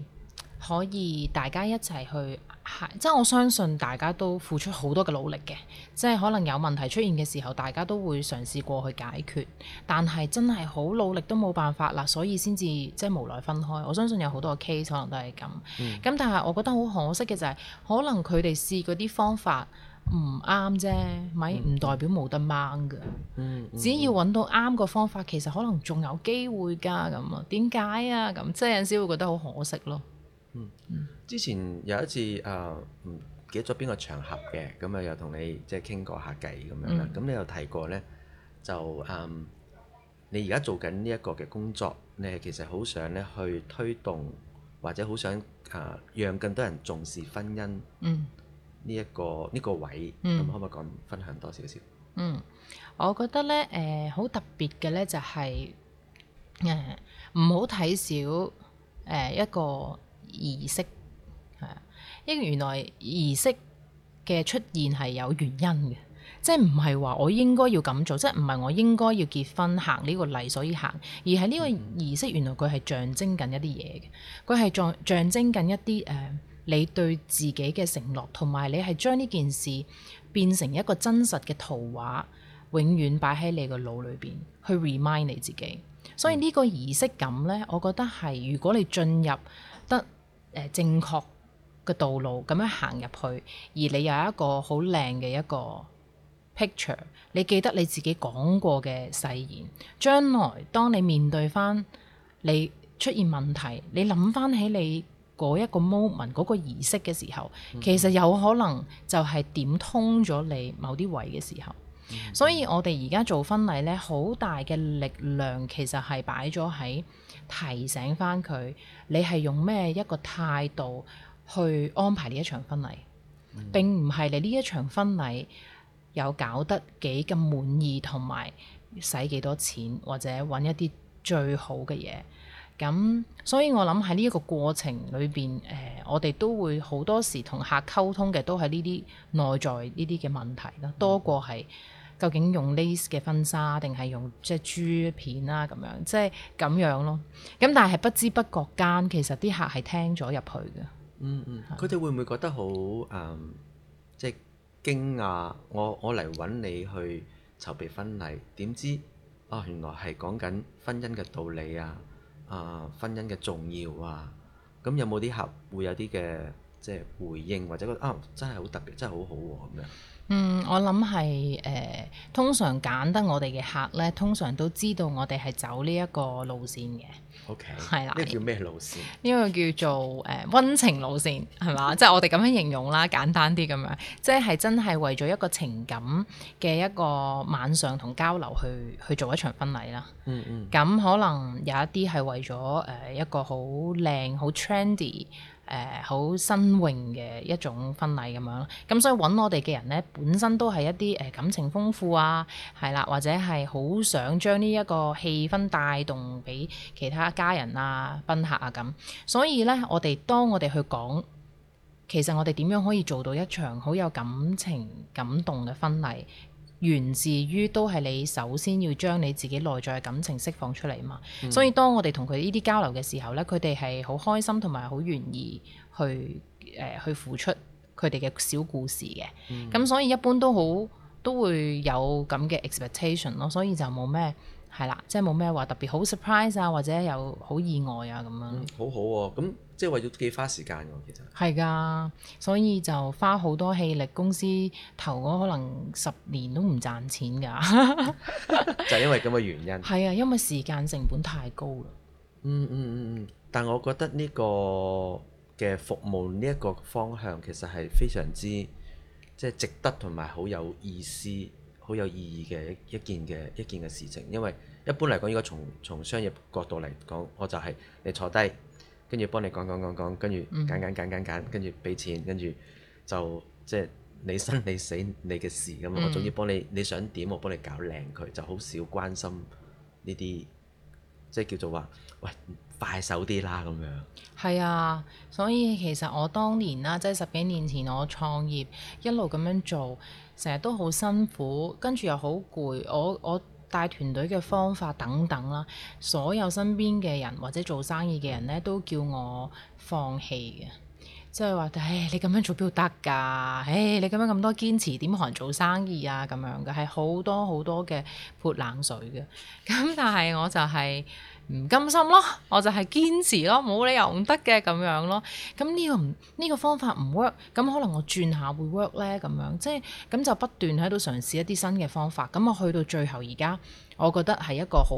可以大家一齊去。係，即係我相信大家都付出好多嘅努力嘅，即係可能有問題出現嘅時候，大家都會嘗試過去解決，但係真係好努力都冇辦法啦，所以先至即係無奈分開。我相信有好多嘅 case 可能都係咁，咁、嗯、但係我覺得好可惜嘅就係、是，可能佢哋試嗰啲方法唔啱啫，咪唔代表冇得掹㗎。嗯、只要揾到啱個方法，其實可能仲有機會㗎咁啊？點解啊？咁即係有時會覺得好可惜咯。嗯、之前有一次誒，唔、啊、記得咗邊個場合嘅咁啊，又、嗯、同、嗯嗯嗯嗯、你即係傾過下偈咁樣啦。咁你又提過呢，就誒、嗯、你而家做緊呢一個嘅工作，你係其實好想咧去推動，或者好想誒、啊、讓更多人重視婚姻呢、這、一個呢、嗯、個位咁，可唔可以講分享多少少？嗯，我覺得呢，誒、呃、好特別嘅呢，就係誒唔好睇少誒一個。儀式係啊，因為原來儀式嘅出現係有原因嘅，即係唔係話我應該要咁做，即係唔係我應該要結婚行呢個禮所以行，而係呢個儀式原來佢係象徵緊一啲嘢嘅，佢係象象徵緊一啲誒、呃、你對自己嘅承諾，同埋你係將呢件事變成一個真實嘅圖畫，永遠擺喺你個腦裏邊去 remind 你自己。所以呢個儀式感咧，我覺得係如果你進入得誒正確嘅道路咁樣行入去，而你有一個好靚嘅一個 picture，你記得你自己講過嘅誓言。將來當你面對翻你出現問題，你諗翻起你嗰一個 moment 嗰個儀式嘅時候，其實有可能就係點通咗你某啲位嘅時候。所以我哋而家做婚禮呢，好大嘅力量其實係擺咗喺，提醒翻佢，你係用咩一個態度去安排呢一場婚禮？嗯、並唔係你呢一場婚禮有搞得幾咁滿意，同埋使幾多錢，或者揾一啲最好嘅嘢。咁所以我諗喺呢一個過程裏邊，誒、呃，我哋都會好多時同客溝通嘅都係呢啲內在呢啲嘅問題咯，嗯、多過係。究竟用 lace 嘅婚紗定係用即係珠片啊？咁樣，即係咁樣咯。咁但係不知不覺間，其實啲客係聽咗入去嘅、嗯。嗯嗯，佢哋是會唔會覺得好誒，即、嗯、係、就是、驚訝？我我嚟搵你去籌備婚禮，點知啊原來係講緊婚姻嘅道理啊，啊婚姻嘅重要啊。咁有冇啲客會有啲嘅即係回應，或者覺得啊真係好特別，真係好好喎咁樣？嗯，我諗係誒，通常揀得我哋嘅客咧，通常都知道我哋係走呢一個路線嘅。OK，係啦。呢個叫咩路線？呢個叫做誒温情路線，係嘛？即係 我哋咁樣形容啦，簡單啲咁樣，即係真係為咗一個情感嘅一個晚上同交流去去做一場婚禮啦。嗯嗯。咁可能有一啲係為咗誒一個好靚好 trendy。誒好、呃、新穎嘅一種婚禮咁樣，咁所以揾我哋嘅人咧，本身都係一啲誒感情豐富啊，係啦，或者係好想將呢一個氣氛帶動俾其他家人啊、賓客啊咁，所以咧，我哋當我哋去講，其實我哋點樣可以做到一場好有感情、感動嘅婚禮？源自於都係你首先要將你自己內在嘅感情釋放出嚟嘛，嗯、所以當我哋同佢呢啲交流嘅時候咧，佢哋係好開心同埋好願意去誒、呃、去付出佢哋嘅小故事嘅，咁、嗯、所以一般都好都會有咁嘅 expectation 咯，所以就冇咩係啦，即係冇咩話特別好 surprise 啊，或者有好意外啊咁樣、嗯。好好喎、啊，咁。即係為咗幾花時間㗎，其實係㗎，所以就花好多氣力，公司投嗰可能十年都唔賺錢㗎， 就因為咁嘅原因。係啊，因為時間成本太高啦、嗯。嗯嗯嗯嗯，但我覺得呢個嘅服務呢一個方向其實係非常之即係、就是、值得同埋好有意思、好有意義嘅一一件嘅一件嘅事情，因為一般嚟講，如果應該從從商業角度嚟講，我就係、是、你坐低。跟住幫你講講講講，跟住揀揀揀揀揀，跟住俾錢，跟住就即係、就是、你生你死你嘅事咁啊！我總之幫你、嗯、你想點，我幫你搞靚佢，就好少關心呢啲，即係叫做話，喂快手啲啦咁樣。係啊，所以其實我當年啦，即、就、係、是、十幾年前我創業，一路咁樣做，成日都好辛苦，跟住又好攰，我我。帶團隊嘅方法等等啦，所有身邊嘅人或者做生意嘅人咧，都叫我放棄嘅，即係話，唉，你咁樣做標得㗎，唉，你咁樣咁多堅持點可能做生意啊咁樣嘅，係好多好多嘅潑冷水嘅，咁但係我就係。唔甘心咯，我就係堅持咯，冇理由唔得嘅咁樣咯。咁、呢、呢個唔呢、呢個方法唔 work，咁可能我轉下會 work 咧咁樣，即係咁就不斷喺度嘗試一啲新嘅方法。咁我去到最後而家，我覺得係一個好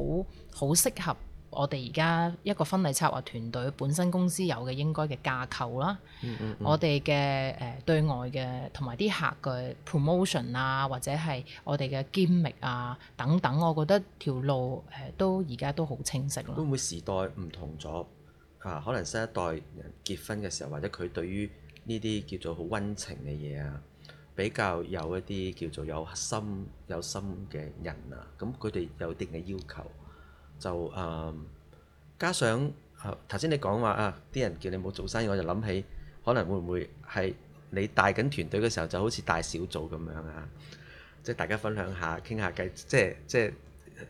好適合。我哋而家一個婚禮策劃團隊，本身公司有嘅應該嘅架構啦，嗯嗯嗯，我哋嘅誒對外嘅同埋啲客嘅 promotion 啊，或者係我哋嘅兼職啊等等，我覺得條路誒都而家都好清晰咯。會唔會時代唔同咗嚇、啊？可能新一代人結婚嘅時候，或者佢對於呢啲叫做好温情嘅嘢啊，比較有一啲叫做有心有心嘅人啊，咁佢哋有一定嘅要求。就誒，加上頭先你講話啊，啲人叫你冇做生意，我就諗起可能會唔會係你帶緊團隊嘅時候，就好似帶小組咁樣啊，即係大家分享下傾下計，即係即係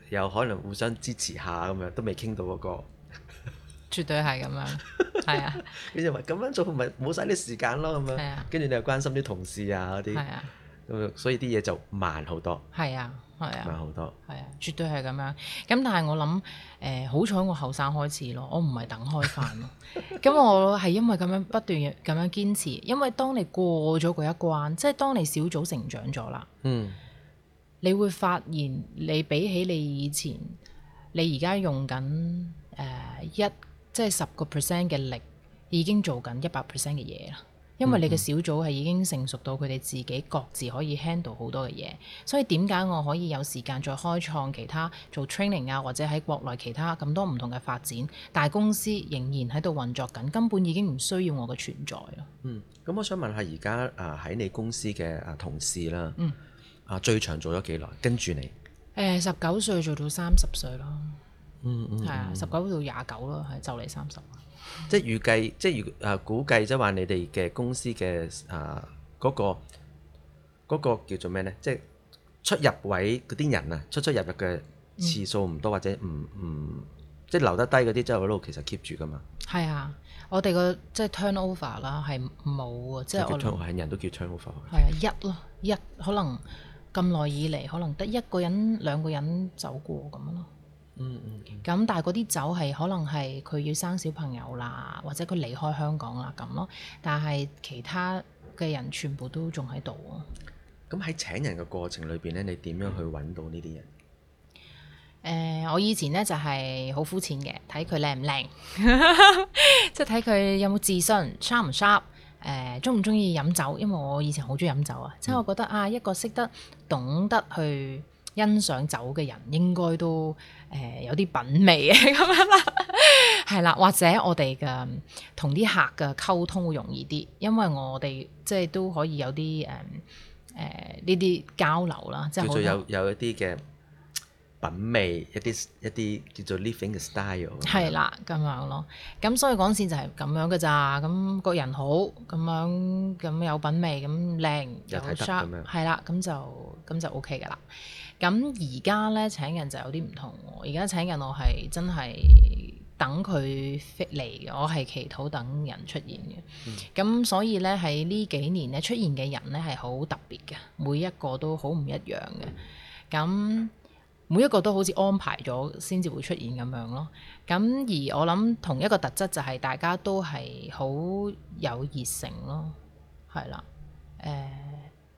又可能互相支持下咁樣，都未傾到個個，絕對係咁樣，係啊，跟住咪咁樣做咪冇曬啲時間咯，咁樣，跟住你又關心啲同事啊嗰啲，咁所以啲嘢就慢好多，係啊，係啊，慢好多，絕對係咁樣，咁但係我諗，誒、呃、好彩我後生開始咯，我唔係等開飯咯，咁 我係因為咁樣不斷咁樣堅持，因為當你過咗嗰一關，即係當你小組成長咗啦，嗯，你會發現你比起你以前，你而家用緊誒一即係十個 percent 嘅力，已經做緊一百 percent 嘅嘢啦。因為你嘅小組係已經成熟到佢哋自己各自可以 handle 好多嘅嘢，所以點解我可以有時間再開創其他做 training 啊，或者喺國內其他咁多唔同嘅發展，大公司仍然喺度運作緊，根本已經唔需要我嘅存在咯。嗯，咁我想問下而家啊喺你公司嘅同事啦，啊最長做咗幾耐？跟住你？誒，十九歲做到三十歲咯。嗯嗯，係啊，十九到廿九咯，係就嚟三十。即係預計，即係預誒估計即係話你哋嘅公司嘅誒嗰個嗰個叫做咩咧？即係出入位嗰啲人啊，出出入入嘅次數唔多，或者唔唔、嗯、即係留得低嗰啲，即係嗰度其實 keep 住噶嘛。係啊，我哋個即係 turnover 啦，係冇啊，即係我哋。turnover 係人都叫 turnover。係啊，一咯一，可能咁耐以嚟，可能得一個人兩個人走過咁樣咯。嗯嗯，咁、嗯、但係嗰啲酒係可能係佢要生小朋友啦，或者佢離開香港啦咁咯。但係其他嘅人全部都仲喺度。咁喺、嗯、請人嘅過程裏邊咧，你點樣去搵到呢啲人？誒、呃，我以前咧就係好膚淺嘅，睇佢靚唔靚，即係睇佢有冇自信，sharp 唔 sharp，誒，中唔中意飲酒？因為我以前好中意飲酒啊，即係、嗯、我覺得啊，一個識得懂得去。欣賞酒嘅人應該都誒、呃、有啲品味啊，咁樣啦，係啦，或者我哋嘅同啲客嘅溝通會容易啲，因為我哋即係都可以有啲誒誒呢啲交流啦，即係好有有一啲嘅。品味一啲一啲叫做 living 嘅 style，係啦咁樣咯。咁、嗯、所以講線就係咁樣嘅咋，咁個人好，咁樣咁有品味，咁靚有 sharp，係啦，咁就咁就 OK 嘅啦。咁而家咧請人就有啲唔同，而家請人我係真係等佢嚟，我係祈禱等人出現嘅。咁、嗯、所以咧喺呢幾年咧出現嘅人咧係好特別嘅，每一個都好唔一樣嘅咁。嗯嗯每一個都好似安排咗先至會出現咁樣咯，咁而我諗同一個特質就係大家都係好有熱誠咯，係啦，誒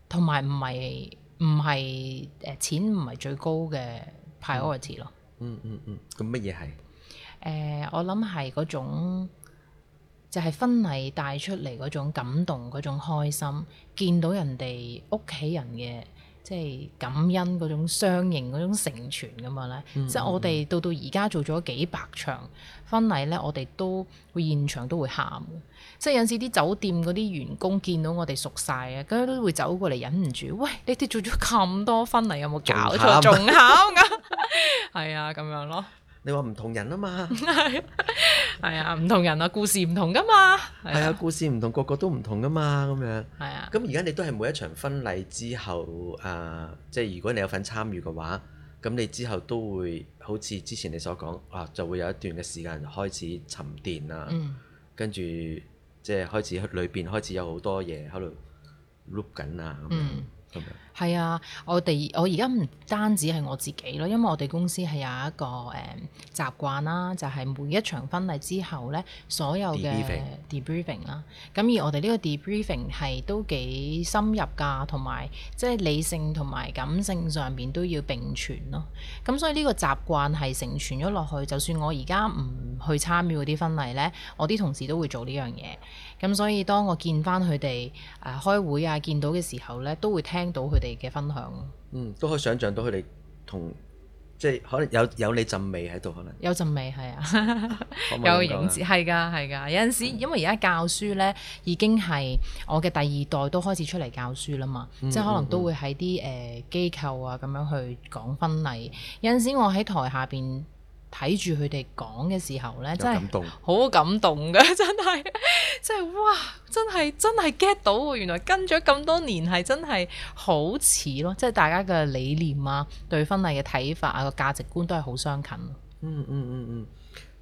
同埋唔係唔係誒錢唔係最高嘅 priority 咯。嗯嗯嗯，咁乜嘢係？誒、嗯嗯呃、我諗係嗰種就係婚禮帶出嚟嗰種感動、嗰種開心，見到人哋屋企人嘅。即係感恩嗰種相應嗰種成全咁樣咧，嗯嗯嗯，即係我哋到到而家做咗幾百場婚禮咧，我哋都會現場都會喊。即係有時啲酒店嗰啲員工見到我哋熟晒，啊，咁樣都會走過嚟忍唔住，喂，你哋做咗咁多婚禮有冇搞錯，仲喊㗎？係啊，咁樣咯。你話唔同人啊嘛，係啊，唔同人啊，故事唔同㗎嘛，係啊，故事唔同，個個都唔同㗎嘛，咁樣，係啊。咁而家你都係每一場婚禮之後，誒、呃，即係如果你有份參與嘅話，咁你之後都會好似之前你所講，啊，就會有一段嘅時間開始沉澱啊，嗯、跟住即係開始裏邊開始有好多嘢喺度 loop 緊啊，咁樣。嗯。係啊，我哋我而家唔單止係我自己咯，因為我哋公司係有一個誒、嗯、習慣啦，就係、是、每一場婚禮之後咧，所有嘅 debriefing 啦，咁而我哋呢個 debriefing 係都幾深入㗎，同埋即係理性同埋感性上面都要並存咯。咁所以呢個習慣係承傳咗落去，就算我而家唔去參與嗰啲婚禮咧，我啲同事都會做呢樣嘢。咁所以當我見翻佢哋誒開會啊，見到嘅時候咧，都會聽到佢哋嘅分享嗯，都可以想象到佢哋同即係可能有有你陣味喺度，可能有,有陣味係啊， 有影子，係㗎， 係㗎。有陣時，的因為而家教書咧，已經係我嘅第二代都開始出嚟教書啦嘛，嗯嗯嗯即係可能都會喺啲誒機構啊咁樣去講婚禮。有陣時，我喺台下邊。睇住佢哋講嘅時候呢，真係好感動嘅，真係，真係哇！真係真係 get 到喎，原來跟咗咁多年，係真係好似咯，即係大家嘅理念啊、對婚禮嘅睇法啊、個價值觀都係好相近嗯。嗯嗯嗯嗯，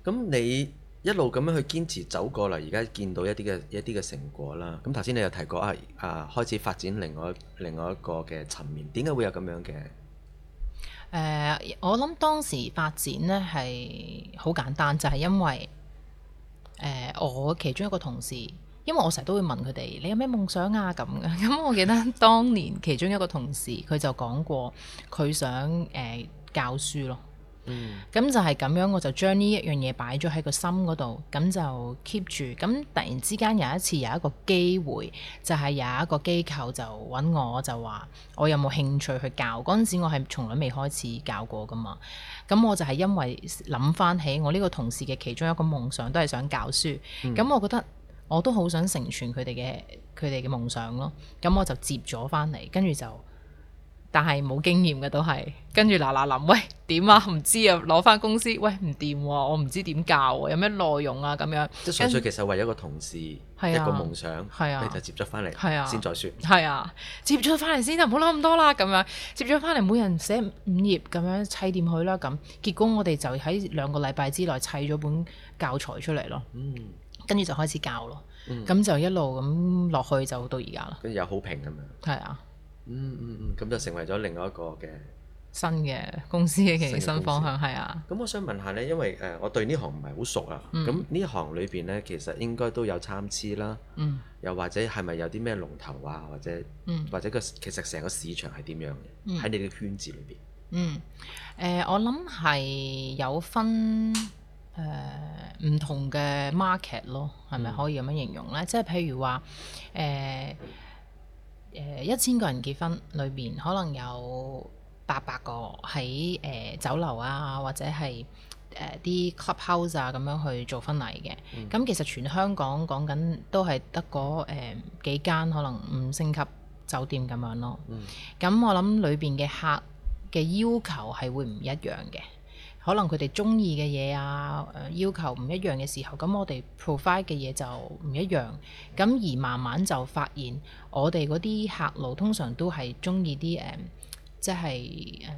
咁、嗯、你一路咁樣去堅持走過嚟，而家見到一啲嘅一啲嘅成果啦。咁頭先你又提過啊啊，開始發展另外另外一個嘅層面，點解會有咁樣嘅？誒、呃，我諗當時發展咧係好簡單，就係、是、因為誒、呃、我其中一個同事，因為我成日都會問佢哋你有咩夢想啊咁嘅，咁、嗯、我記得當年其中一個同事佢就講過佢想誒、呃、教書咯。咁、嗯、就係咁樣，我就將呢一樣嘢擺咗喺個心嗰度，咁就 keep 住。咁突然之間有一次有一個機會，就係、是、有一個機構就揾我就話，我有冇興趣去教。嗰陣時我係從來未開始教過噶嘛。咁我就係因為諗翻起我呢個同事嘅其中一個夢想，都係想教書。咁、嗯、我覺得我都好想成全佢哋嘅佢哋嘅夢想咯。咁我就接咗翻嚟，跟住就。但係冇經驗嘅都係，跟住嗱嗱諗，喂點啊？唔知啊，攞翻公司，喂唔掂喎，我唔知點教、啊、有咩內容啊？咁樣，純粹其實為咗個同事、啊、一個夢想，你、啊、就接咗翻嚟先，再說。係啊，接咗翻嚟先，就唔好諗咁多啦。咁樣接咗翻嚟，每人寫五頁咁樣砌掂佢啦。咁結果我哋就喺兩個禮拜之內砌咗本教材出嚟咯。嗯，跟住就開始教咯。嗯，咁就一路咁落去，就到而家啦。跟住有好評咁樣。係啊。嗯嗯嗯，咁、嗯嗯、就成為咗另外一個嘅新嘅公司嘅其實新方向係啊。咁我想問下咧，因為誒、呃、我對呢行唔係好熟啊。咁呢、嗯、行裏邊呢，其實應該都有參差啦。嗯、又或者係咪有啲咩龍頭啊，或者、嗯、或者個其實成個市場係點樣嘅？喺、嗯、你嘅圈子裏邊。嗯。誒、呃，我諗係有分誒唔、呃、同嘅 market 咯，係咪可以咁樣形容呢？即係譬如話誒。呃呃嗯誒一千個人結婚裏邊，可能有八百個喺誒、呃、酒樓啊，或者係誒啲 club house 啊咁樣去做婚禮嘅。咁、嗯、其實全香港講緊都係得嗰誒幾間可能五星級酒店咁樣咯。咁、嗯、我諗裏邊嘅客嘅要求係會唔一樣嘅。可能佢哋中意嘅嘢啊、呃，要求唔一樣嘅時候，咁我哋 provide 嘅嘢就唔一樣。咁而慢慢就發現，我哋嗰啲客路通常都係中意啲誒，即係誒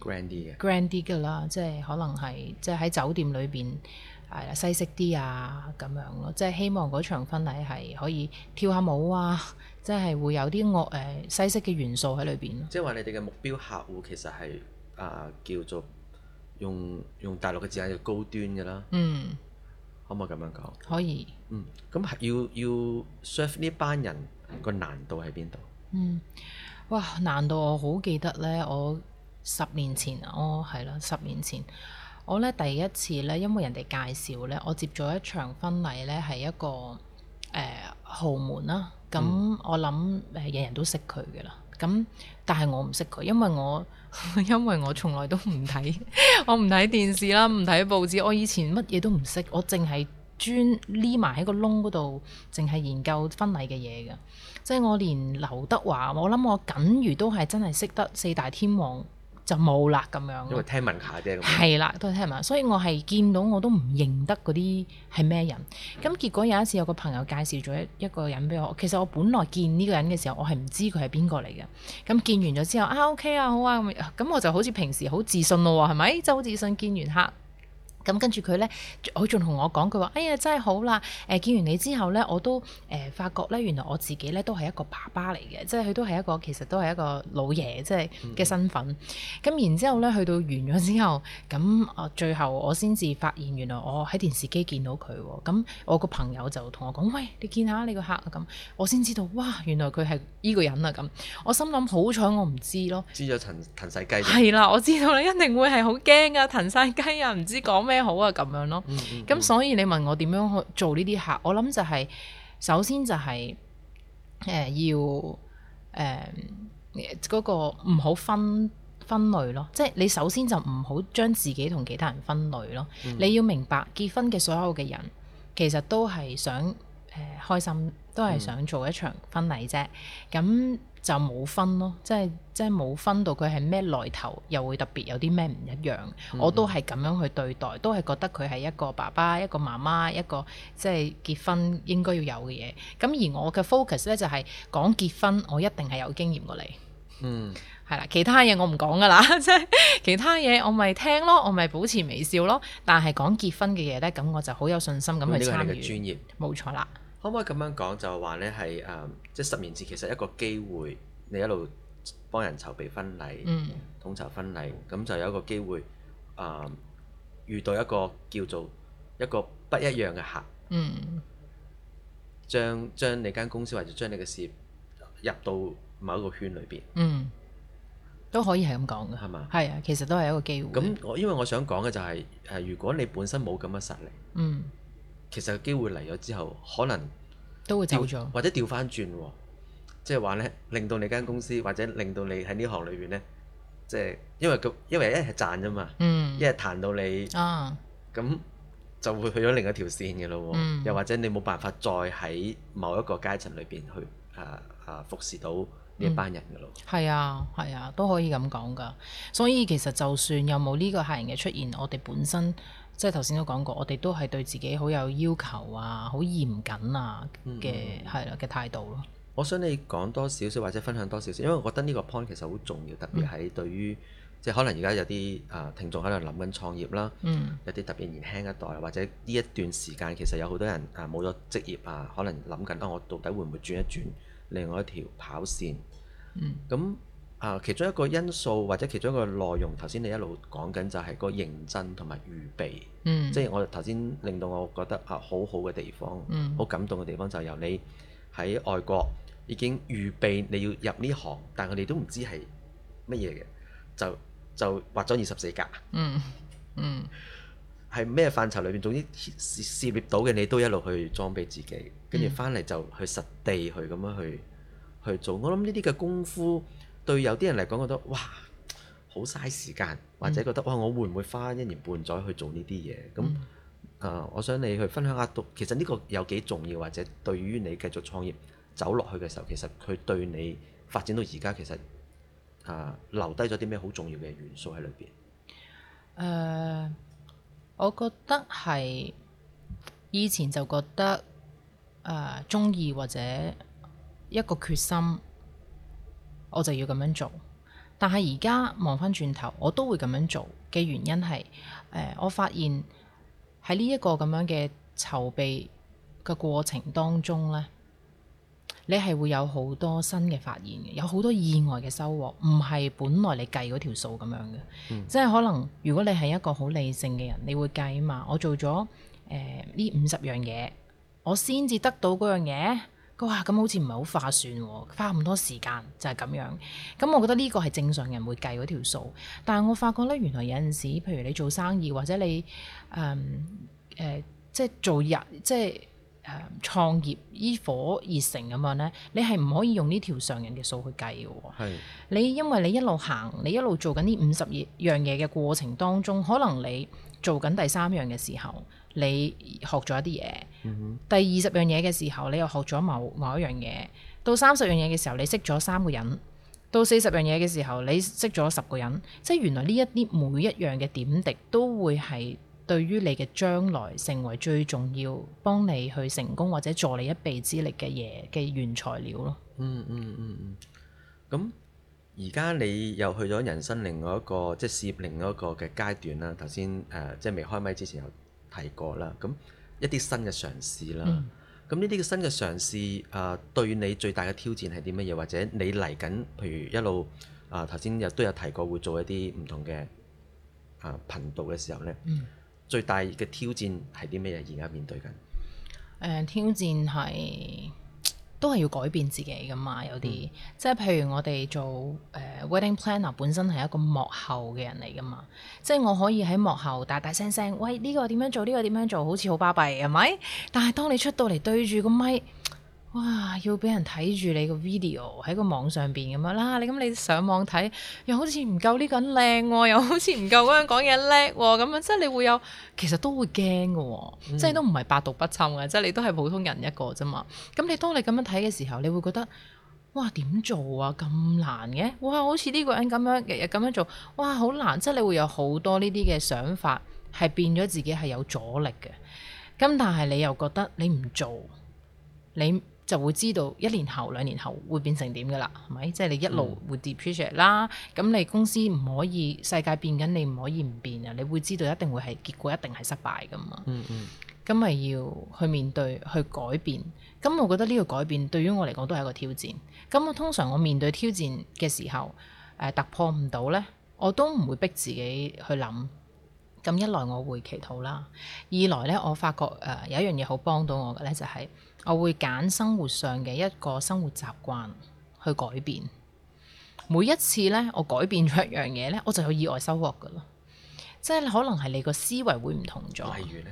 grand 啲嘅，grand 嘅啦，即係可能係即係喺酒店裏邊係西式啲啊咁樣咯，即係希望嗰場婚禮係可以跳下舞啊，即係會有啲樂誒西式嘅元素喺裏邊。即係話你哋嘅目標客戶其實係啊、呃、叫做。用用大陸嘅字眼就高端嘅啦，嗯，可唔可以咁樣講？可以，嗯，咁要要 serve 呢班人個難度喺邊度？嗯，哇難度我好記得咧，我十年前哦，係啦，十年前我咧第一次咧，因為人哋介紹咧，我接咗一場婚禮咧，係一個誒、呃、豪門啦、啊，咁、嗯、我諗誒、呃、人人都識佢嘅啦。咁，但係我唔識佢，因為我因為我從來都唔睇， 我唔睇電視啦，唔睇報紙。我以前乜嘢都唔識，我淨係專匿埋喺個窿嗰度，淨係研究婚禮嘅嘢㗎。即係我連劉德華，我諗我僅餘都係真係識得四大天王。就冇啦咁樣。因為聽聞下啫。係啦，都係聽聞，所以我係見到我都唔認得嗰啲係咩人。咁結果有一次有個朋友介紹咗一一個人俾我，其實我本來見呢個人嘅時候，我係唔知佢係邊個嚟嘅。咁見完咗之後，啊 OK 啊好啊咁，我就好似平時好自信咯、啊、喎，係咪？就好自信見完客。咁跟住佢咧，佢仲同我講，佢話：哎呀，真係好啦！誒，見完你之後咧，我都誒、呃、發覺咧，原來我自己咧都係一個爸爸嚟嘅，即係佢都係一個其實都係一個老爺，即係嘅身份。咁然之後咧，去到完咗之後，咁啊最後我先至發現，原來我喺電視機見到佢喎。咁我個朋友就同我講：喂，你見下你個客啊！咁我先知道，哇！原來佢係依個人啊！咁我心諗好彩我唔知咯。知咗騰騰曬雞，係啦，我知道你一定會係好驚噶，騰曬雞啊，唔知講咩。 咩好啊？咁樣咯，咁、 嗯、所以你問我點樣做呢啲客，我諗就係首先就係、是、誒、呃、要誒嗰、呃嗰個唔好分分類咯，即係你首先就唔好將自己同其他人分類咯。嗯、你要明白結婚嘅所有嘅人，其實都係想誒、呃、開心，都係想做一場婚禮啫。咁、嗯就冇分咯，即係即係冇分到佢係咩來頭，又會特別有啲咩唔一樣。嗯嗯，我都係咁樣去對待，都係覺得佢係一個爸爸、一個媽媽、一個即係結婚應該要有嘅嘢。咁而我嘅 focus 咧就係、是、講結婚，我一定係有經驗過嚟。嗯，係啦，其他嘢我唔講噶啦，即 係其他嘢我咪聽咯，我咪保持微笑咯。但係講結婚嘅嘢咧，咁我就好有信心咁去參與。專業。冇、嗯、錯啦。可唔可以咁樣講？就係話呢，係、呃、即係十年前其實一個機會，你一路幫人籌備婚禮，統、嗯、籌婚禮，咁就有一個機會誒、呃，遇到一個叫做一個不一樣嘅客、嗯將，將將你間公司或者將你嘅事業入到某一個圈裏邊，嗯，都可以係咁講嘅，係嘛吧？係啊，其實都係一個機會。咁我、嗯、因為我想講嘅就係、是、誒，如果你本身冇咁嘅實力，嗯。其實個機會嚟咗之後，可能都會走咗，或者調返轉喎。即係話呢，令到你間公司，或者令到你喺呢行裏邊呢，即係因為個，因為一係賺啫嘛，嗯、一係彈到你，咁、啊、就會去咗另一條線嘅咯。嗯、又或者你冇辦法再喺某一個階層裏邊去啊啊服侍到呢一班人嘅咯。係、嗯、啊，係啊，都可以咁講㗎。所以其實就算有冇呢個客人嘅出現，我哋本身。即係頭先都講過，我哋都係對自己好有要求啊，好嚴謹啊嘅係啦嘅態度咯。我想你講多少少或者分享多少少，因為我覺得呢個 point 其實好重要，特別喺對於、嗯、即係可能而家有啲啊聽眾喺度諗緊創業啦，有啲特別年輕一代或者呢一段時間，其實有好多人啊冇咗職業啊，可能諗緊啊我到底會唔會轉一轉另外一條跑線？咁、嗯。啊，其中一個因素或者其中一個內容，頭先你一路講緊就係個認真同埋預備，嗯，即係我頭先令到我覺得啊，好好嘅地方，好、嗯、感動嘅地方就由你喺外國已經預備你要入呢行，但係你都唔知係乜嘢嘅，就就畫咗二十四格，嗯嗯，係咩範疇裏面？總之涉涉涉獵到嘅，你都一路去裝備自己，跟住翻嚟就去實地去咁樣去去做。我諗呢啲嘅功夫。對有啲人嚟講，覺得哇好嘥時間，或者覺得哇我會唔會花一年半載去做呢啲嘢？咁啊、嗯呃，我想你去分享下，到其實呢個有幾重要，或者對於你繼續創業走落去嘅時候，其實佢對你發展到而家，其實啊、呃、留低咗啲咩好重要嘅元素喺裏邊。誒、呃，我覺得係以前就覺得誒鍾意或者一個決心。我就要咁樣做，但係而家望返轉頭，我都會咁樣做嘅原因係，誒、呃，我發現喺呢一個咁樣嘅籌備嘅過程當中咧，你係會有好多新嘅發現嘅，有好多意外嘅收穫，唔係本來你計嗰條數咁樣嘅，嗯、即係可能如果你係一個好理性嘅人，你會計啊嘛，我做咗誒呢五十樣嘢，我先至得到嗰樣嘢。哇，咁好似唔係好化算喎，花咁多時間就係、是、咁樣。咁我覺得呢個係正常人會計嗰條數，但係我發覺咧，原來有陣時，譬如你做生意或者你誒誒、嗯呃，即係做日，即係誒、呃、創業，依火熱成咁樣咧，你係唔可以用呢條常人嘅數去計嘅喎。是的 你因為你一路行，你一路做緊呢五十樣樣嘢嘅過程當中，可能你做緊第三樣嘅時候。你學咗一啲嘢，嗯、哼第二十樣嘢嘅時候，你又學咗某某一樣嘢；到三十樣嘢嘅時候，你識咗三個人；到四十樣嘢嘅時候，你識咗十個人。即係原來呢一啲每一樣嘅點滴，都會係對於你嘅將來成為最重要，幫你去成功或者助你一臂之力嘅嘢嘅原材料咯、嗯。嗯嗯嗯嗯。咁而家你又去咗人生另外一個即係事業另外一個嘅階段啦。頭先誒即係未開咪之前又提過啦，咁一啲新嘅嘗試啦，咁呢啲嘅新嘅嘗試啊，對你最大嘅挑戰係啲乜嘢？或者你嚟緊，譬如一路啊頭先亦都有提過，會做一啲唔同嘅啊頻道嘅時候呢，嗯、最大嘅挑戰係啲乜嘢？而家面對緊誒、呃、挑戰係。都係要改變自己噶嘛，有啲即係譬如我哋做誒 wedding planner 本身係一個幕後嘅人嚟噶嘛，即係我可以喺幕後大大聲聲，喂，呢個點樣做，呢個點樣做，好似好巴閉係咪？但係當你出到嚟對住個麥。哇！要俾人睇住你個 video 喺個網上邊咁樣啦，啊，你咁你上網睇，又好似唔夠呢個人靚喎，哦，又好似唔夠嗰個講嘢叻喎，咁樣即係你會有，其實都會驚嘅，哦嗯，即係都唔係百毒不侵嘅，即係你都係普通人一個啫嘛。咁你當你咁樣睇嘅時候，你會覺得哇點做啊咁難嘅？哇好似呢個人咁樣日日咁樣做，哇好難！即係你會有好多呢啲嘅想法，係變咗自己係有阻力嘅。咁但係你又覺得你唔做，你。就會知道一年後兩年後會變成點㗎啦，係咪？即係你一路會跌 pressure 啦，咁你公司唔可以，世界變緊，你唔可以唔變啊！你會知道一定會係結果，一定係失敗嘅嘛。嗯嗯。咁咪要去面對，去改變。咁我覺得呢個改變對於我嚟講都係一個挑戰。咁我通常我面對挑戰嘅時候，誒、呃、突破唔到咧，我都唔會逼自己去諗。咁一來我會祈禱啦，二來咧我發覺誒、呃、有一樣嘢好幫到我嘅咧，就係、是。我會揀生活上嘅一個生活習慣去改變，每一次呢，我改變咗一樣嘢呢，我就有意外收穫噶咯。即係可能係你個思維會唔同咗。例如呢，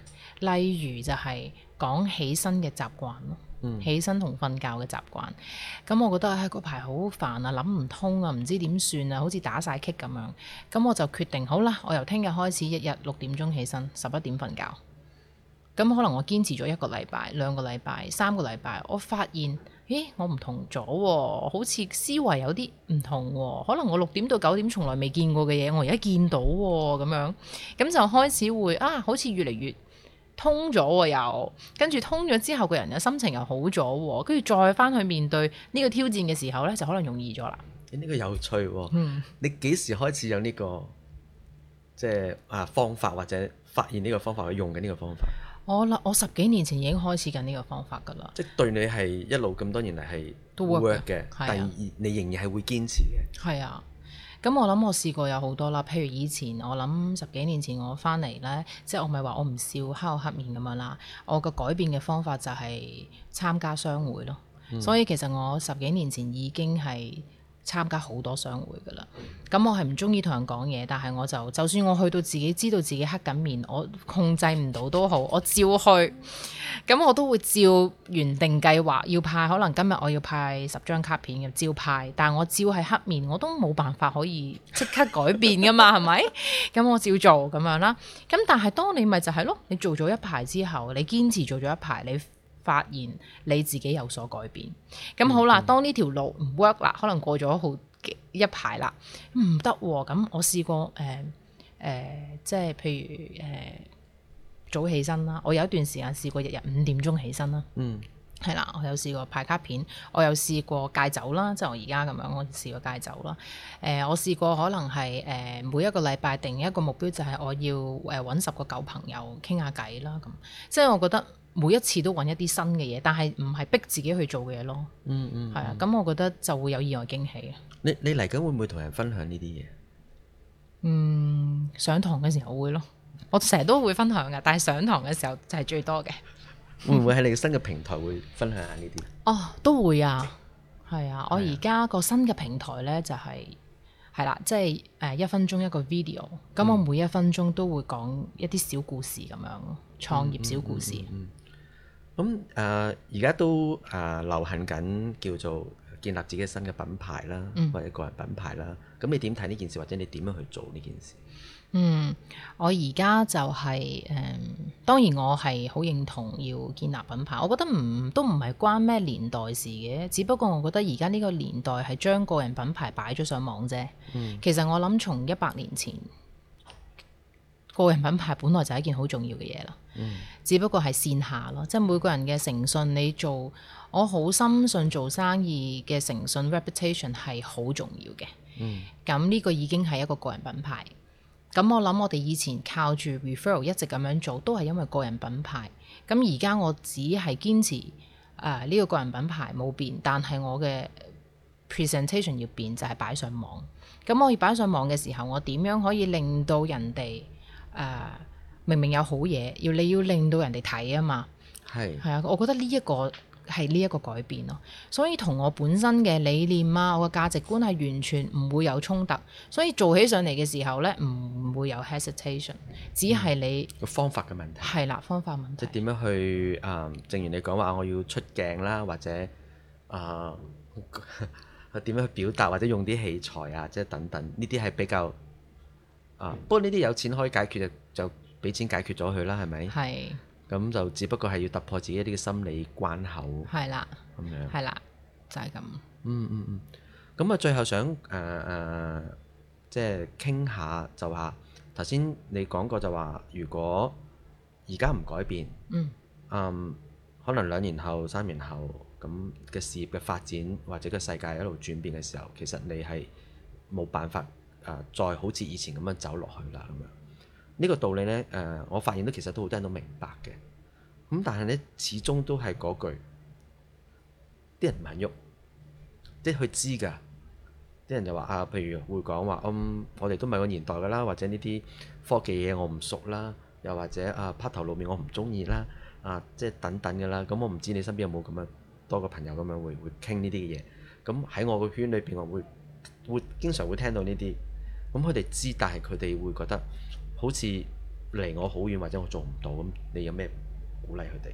例如就係講起身嘅習慣咯，起身同瞓覺嘅習慣。咁、嗯嗯、我覺得唉嗰排好煩啊，諗唔通啊，唔知點算啊，好似打晒棘咁樣。咁、嗯、我就決定好啦，我由聽日開始一日六點鐘起身，十一點瞓覺。咁可能我堅持咗一個禮拜、兩個禮拜、三個禮拜，我發現咦，我唔同咗喎，好似思維有啲唔同喎。可能我六點到九點從來未見過嘅嘢，我而家見到喎咁樣，咁就開始會啊，好似越嚟越通咗喎又。跟住通咗之後，個人嘅心情又好咗喎。跟住再翻去面對呢個挑戰嘅時候呢，就可能容易咗啦。呢、欸呢個有趣喎。哦，嗯、你幾時開始有呢、呢個即係啊方法或者發現呢個方法去用緊呢個方法？我啦，我十幾年前已經開始緊呢個方法噶啦。即係對你係一路咁多年嚟係 work 嘅，第二你仍然係會堅持嘅。係啊，咁我諗我試過有好多啦。譬如以前我諗十幾年前我翻嚟咧，即係我咪話我唔笑黑口黑面咁樣啦。我個改變嘅方法就係參加商會咯。嗯、所以其實我十幾年前已經係。參加好多商會㗎喇，咁我係唔中意同人講嘢，但係我就就算我去到自己知道自己黑緊面，我控制唔到都好，我照去。咁我都會照原定計劃要派，可能今日我要派十張卡片嘅，照派。但我照係黑面，我都冇辦法可以即刻改變㗎嘛，係咪？ 咁我照做咁樣啦。咁但係當你咪就係咯，你做咗一排之後，你堅持做咗一排，你。發現你自己有所改變，咁好啦。當呢條路唔 work 啦，可能過咗好幾一排啦，唔得喎。咁我試過誒誒、呃呃，即係譬如誒、呃、早起身啦。我有一段時間試過日日五點鐘起身啦。嗯，係啦，我有試過派卡片，我有試過戒酒啦，即係我而家咁樣，我試過戒酒啦。誒、呃，我試過可能係誒、呃、每一個禮拜定一個目標，就係我要誒搵十個舊朋友傾下偈啦。咁即係我覺得。每一次都揾一啲新嘅嘢，但係唔係逼自己去做嘅嘢咯。嗯嗯，係、嗯、啊，咁我覺得就會有意外驚喜。你你嚟緊會唔會同人分享呢啲嘢？嗯，上堂嘅時候會咯，我成日都會分享嘅，但係上堂嘅時候就係最多嘅。嗯、會唔會喺你嘅新嘅平台會分享下呢啲？哦、啊，都會啊，係啊，啊我而家個新嘅平台呢、就是啊，就係係啦，即係誒一分鐘一個 video，咁、嗯、我每一分鐘都會講一啲小故事咁樣，創業小故事。嗯嗯咁誒而家都誒、呃、流行緊叫做建立自己新嘅品牌啦，嗯、或者個人品牌啦。咁你點睇呢件事，或者你點樣去做呢件事？嗯，我而家就係、是、誒、嗯，當然我係好認同要建立品牌。我覺得唔都唔係關咩年代事嘅，只不過我覺得而家呢個年代係將個人品牌擺咗上網啫。嗯、其實我諗從一百年前，個人品牌本來就係一件好重要嘅嘢啦，嗯，只不過係線下咯，即係每個人嘅誠信。你做我好深信做生意嘅誠信 reputation 係好重要嘅，嗯，咁呢個已經係一個個人品牌。咁我諗我哋以前靠住 referral 一直咁樣做，都係因為個人品牌。咁而家我只係堅持誒呢個個人品牌冇變，但係我嘅 presentation 要變，就係擺上網。咁我擺上網嘅時候，我點樣可以令到人哋？誒、uh, 明明有好嘢，要你要令到人哋睇啊嘛。係係啊，我覺得呢一個係呢一個改變咯，所以同我本身嘅理念啊，我嘅價值觀係完全唔會有衝突，所以做起上嚟嘅時候呢，唔會有 hesitation，只係你個、嗯、方法嘅問題，係啦，方法問題，即係點樣去誒、呃、正如你講話，我要出鏡啦，或者誒點、呃、 樣去表達，或者用啲器材啊，即係等等，呢啲係比較。啊！不過呢啲有錢可以解決嘅，就俾錢解決咗佢啦，係咪？係。咁 就只不過係要突破自己一啲嘅心理關口。係啦。咁樣。係啦，就係、係、咁、嗯。嗯嗯嗯。咁、嗯、啊、嗯嗯，最後想誒誒，即係傾下就話頭先你講過就話，如果而家唔改變，嗯，嗯，可能兩年後、三年後咁嘅事業嘅發展或者個世界一路轉變嘅時候，其實你係冇辦法。誒、呃，再好似以前咁樣走落去啦，咁樣呢個道理呢，誒、呃，我發現都其實都好多人都明白嘅。咁但係呢，始終都係嗰句，啲人唔肯喐，即係佢知㗎。啲人就話啊，譬如會講話、嗯，我我哋都唔係個年代㗎啦，或者呢啲科技嘢我唔熟啦，又或者啊，拋頭露面我唔中意啦，啊，即係等等㗎啦。咁、嗯、我唔知你身邊有冇咁樣多個朋友咁樣會會傾呢啲嘢？咁、嗯、喺我個圈裏邊，我會會經常會聽到呢啲。咁佢哋知，但係佢哋會覺得好似離我好遠，或者我做唔到。咁你有咩鼓勵佢哋？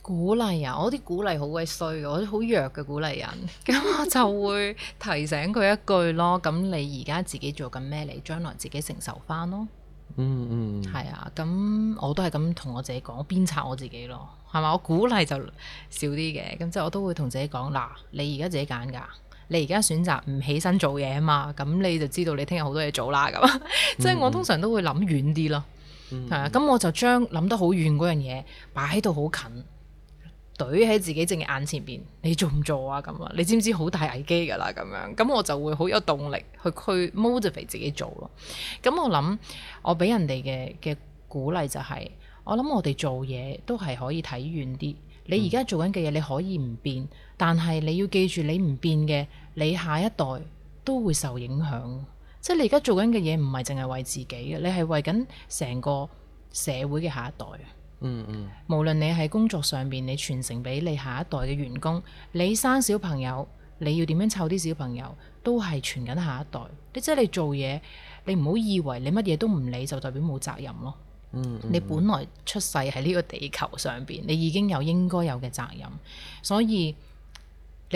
鼓勵啊！我啲鼓勵好鬼衰，我啲好弱嘅鼓勵人。咁、 嗯、我就會提醒佢一句咯。咁你而家自己做緊咩？你將來自己承受翻咯。嗯嗯。係、嗯、啊，咁我都係咁同我自己講，鞭策我自己咯。係咪？我鼓勵就少啲嘅。咁即係我都會同自己講：嗱，你而家自己揀㗎。你而家選擇唔起身做嘢啊嘛，咁你就知道你聽日好多嘢做啦咁。即 係我通常都會諗遠啲咯，係啊、嗯。咁嗎我就將諗得好遠嗰樣嘢擺到好近，懟喺自己正眼前邊。你做唔做啊？咁啊？你知唔知好大危機㗎啦？咁樣咁我就會好有動力去去 motivate 自己做咯。咁我諗我俾人哋嘅嘅鼓勵就係、是，我諗我哋做嘢都係可以睇遠啲。你而家做緊嘅嘢你可以唔變。嗯但係你要記住，你唔變嘅，你下一代都會受影響。即係你而家做緊嘅嘢，唔係淨係為自己嘅，你係為緊成個社會嘅下一代。嗯嗯。無論你喺工作上邊，你傳承俾你下一代嘅員工，你生小朋友，你要點樣湊啲小朋友，都係傳緊下一代。你即係你做嘢，你唔好以為你乜嘢都唔理，就代表冇責任咯。嗯嗯嗯。你本來出世喺呢個地球上邊，你已經有應該有嘅責任，所以。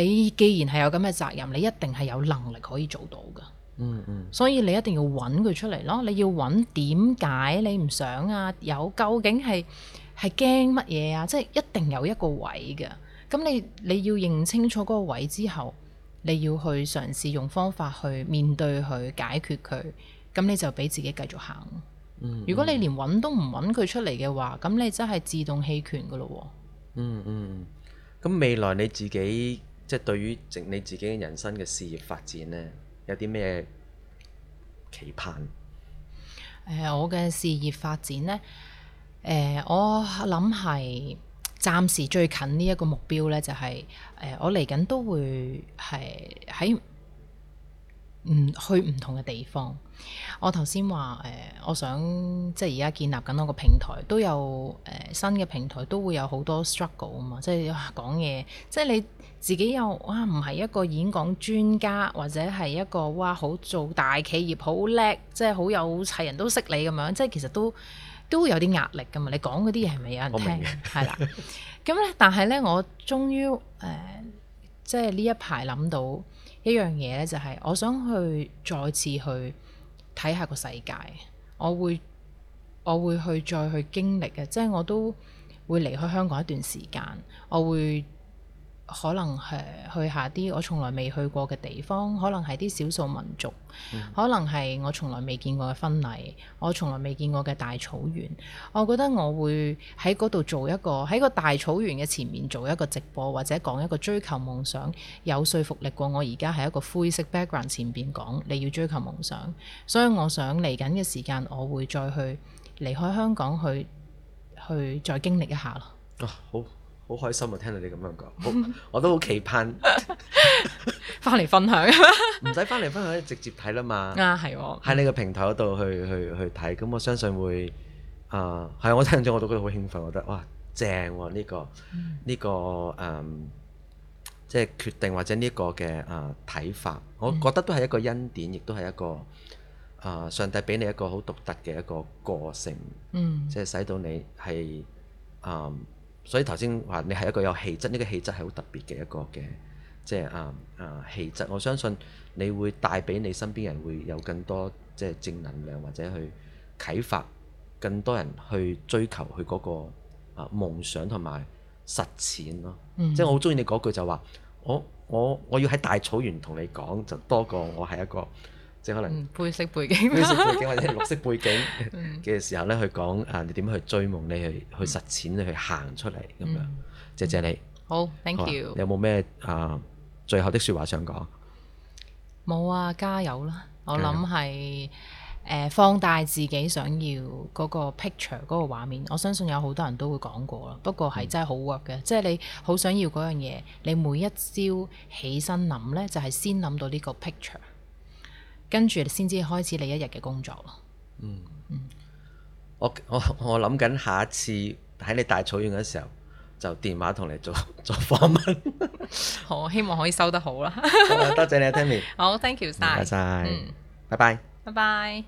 你既然係有咁嘅責任，你一定係有能力可以做到嘅。嗯。嗯嗯。所以你一定要揾佢出嚟咯。你要揾點解你唔想啊？有究竟係係驚乜嘢啊？即係一定有一個位嘅。咁你你要認清楚嗰個位之後，你要去嘗試用方法去面對佢、解決佢。咁你就俾自己繼續行。嗯嗯。如果你連揾都唔揾佢出嚟嘅話，咁你真係自動棄權嘅咯喎。嗯。嗯嗯。咁未來你自己。即係對於你自己嘅人生嘅事業發展咧，有啲咩期盼？誒、呃，我嘅事業發展咧，誒、呃，我諗係暫時最近呢一個目標咧，就係、是、誒、呃，我嚟緊都會係喺唔去唔同嘅地方。我頭先話誒，我想即係而家建立緊嗰個平台，都有誒、呃、新嘅平台，都會有好多 struggle 啊嘛，即係講嘢，即係你。自己又哇，唔係一個演講專家，或者係一個哇，好做大企業，好叻，即係好有齊人都識你咁樣，即係其實都都有啲壓力㗎嘛。你講嗰啲嘢係咪有人聽？係啦。咁咧，但係咧，我終於誒，即係呢一排諗到一樣嘢咧，就係我想去再次去睇下個世界。我會我會去再去經歷嘅，即係我都會離開香港一段時間。我會。可能係去下啲我從來未去過嘅地方，可能係啲少數民族，嗯、可能係我從來未見過嘅婚禮，我從來未見過嘅大草原。我覺得我會喺嗰度做一個喺個大草原嘅前面做一個直播，或者講一個追求夢想有說服力過我而家喺一個灰色 background 前邊講你要追求夢想。所以我想嚟緊嘅時間，我會再去離開香港去去再經歷一下咯。啊，好。好開心啊！聽到你咁樣講，好，我都好期盼翻嚟 分享。唔使翻嚟分享，直接睇啦嘛。啊，係喎、哦，喺你個平台嗰度去去去睇，咁我相信會啊，係、呃、我聽咗，我都覺得好興奮，我覺得哇正喎、啊！呢、這個呢、這個誒，即、嗯、係、就是、決定或者呢個嘅誒睇法，我覺得都係一個恩典，亦都係一個誒、呃、上帝俾你一個好獨特嘅一個個性，即係、嗯、使到你係誒。嗯所以頭先話你係一個有氣質，呢個氣質係好特別嘅一個嘅，即係啊啊氣質。我相信你會帶俾你身邊人會有更多即係正、正能量，或者去啟發更多人去追求佢嗰個啊夢想同埋實踐咯。即係我好中意你嗰句就話，我我我要喺大草原同你講，就多過我係一個。即可能配色背景背景 或者綠色背景嘅時候咧， 嗯、去講啊，你點去追夢，你去去實踐，你、嗯、去行出嚟咁樣，謝謝你。好，好，thank you 有有。有冇咩啊，最後的說話想講？冇啊！加油啦！我諗係誒放大自己想要嗰個 picture 嗰個畫面。我相信有好多人都會講過啦，不過係真係好 work 嘅。即係、嗯、你好想要嗰樣嘢，你每一朝起身諗咧，就係、是、先諗到呢個 picture。跟住你先至開始你一日嘅工作咯。嗯嗯，嗯，我我我諗緊下一次喺你大草原嘅時候，就電話同你做做訪問。好、 哦，希望可以收得好啦 、哦。多謝你，Timmy。 ami 好，thank you，晒。唔該拜拜。嗯、拜拜。拜拜拜拜。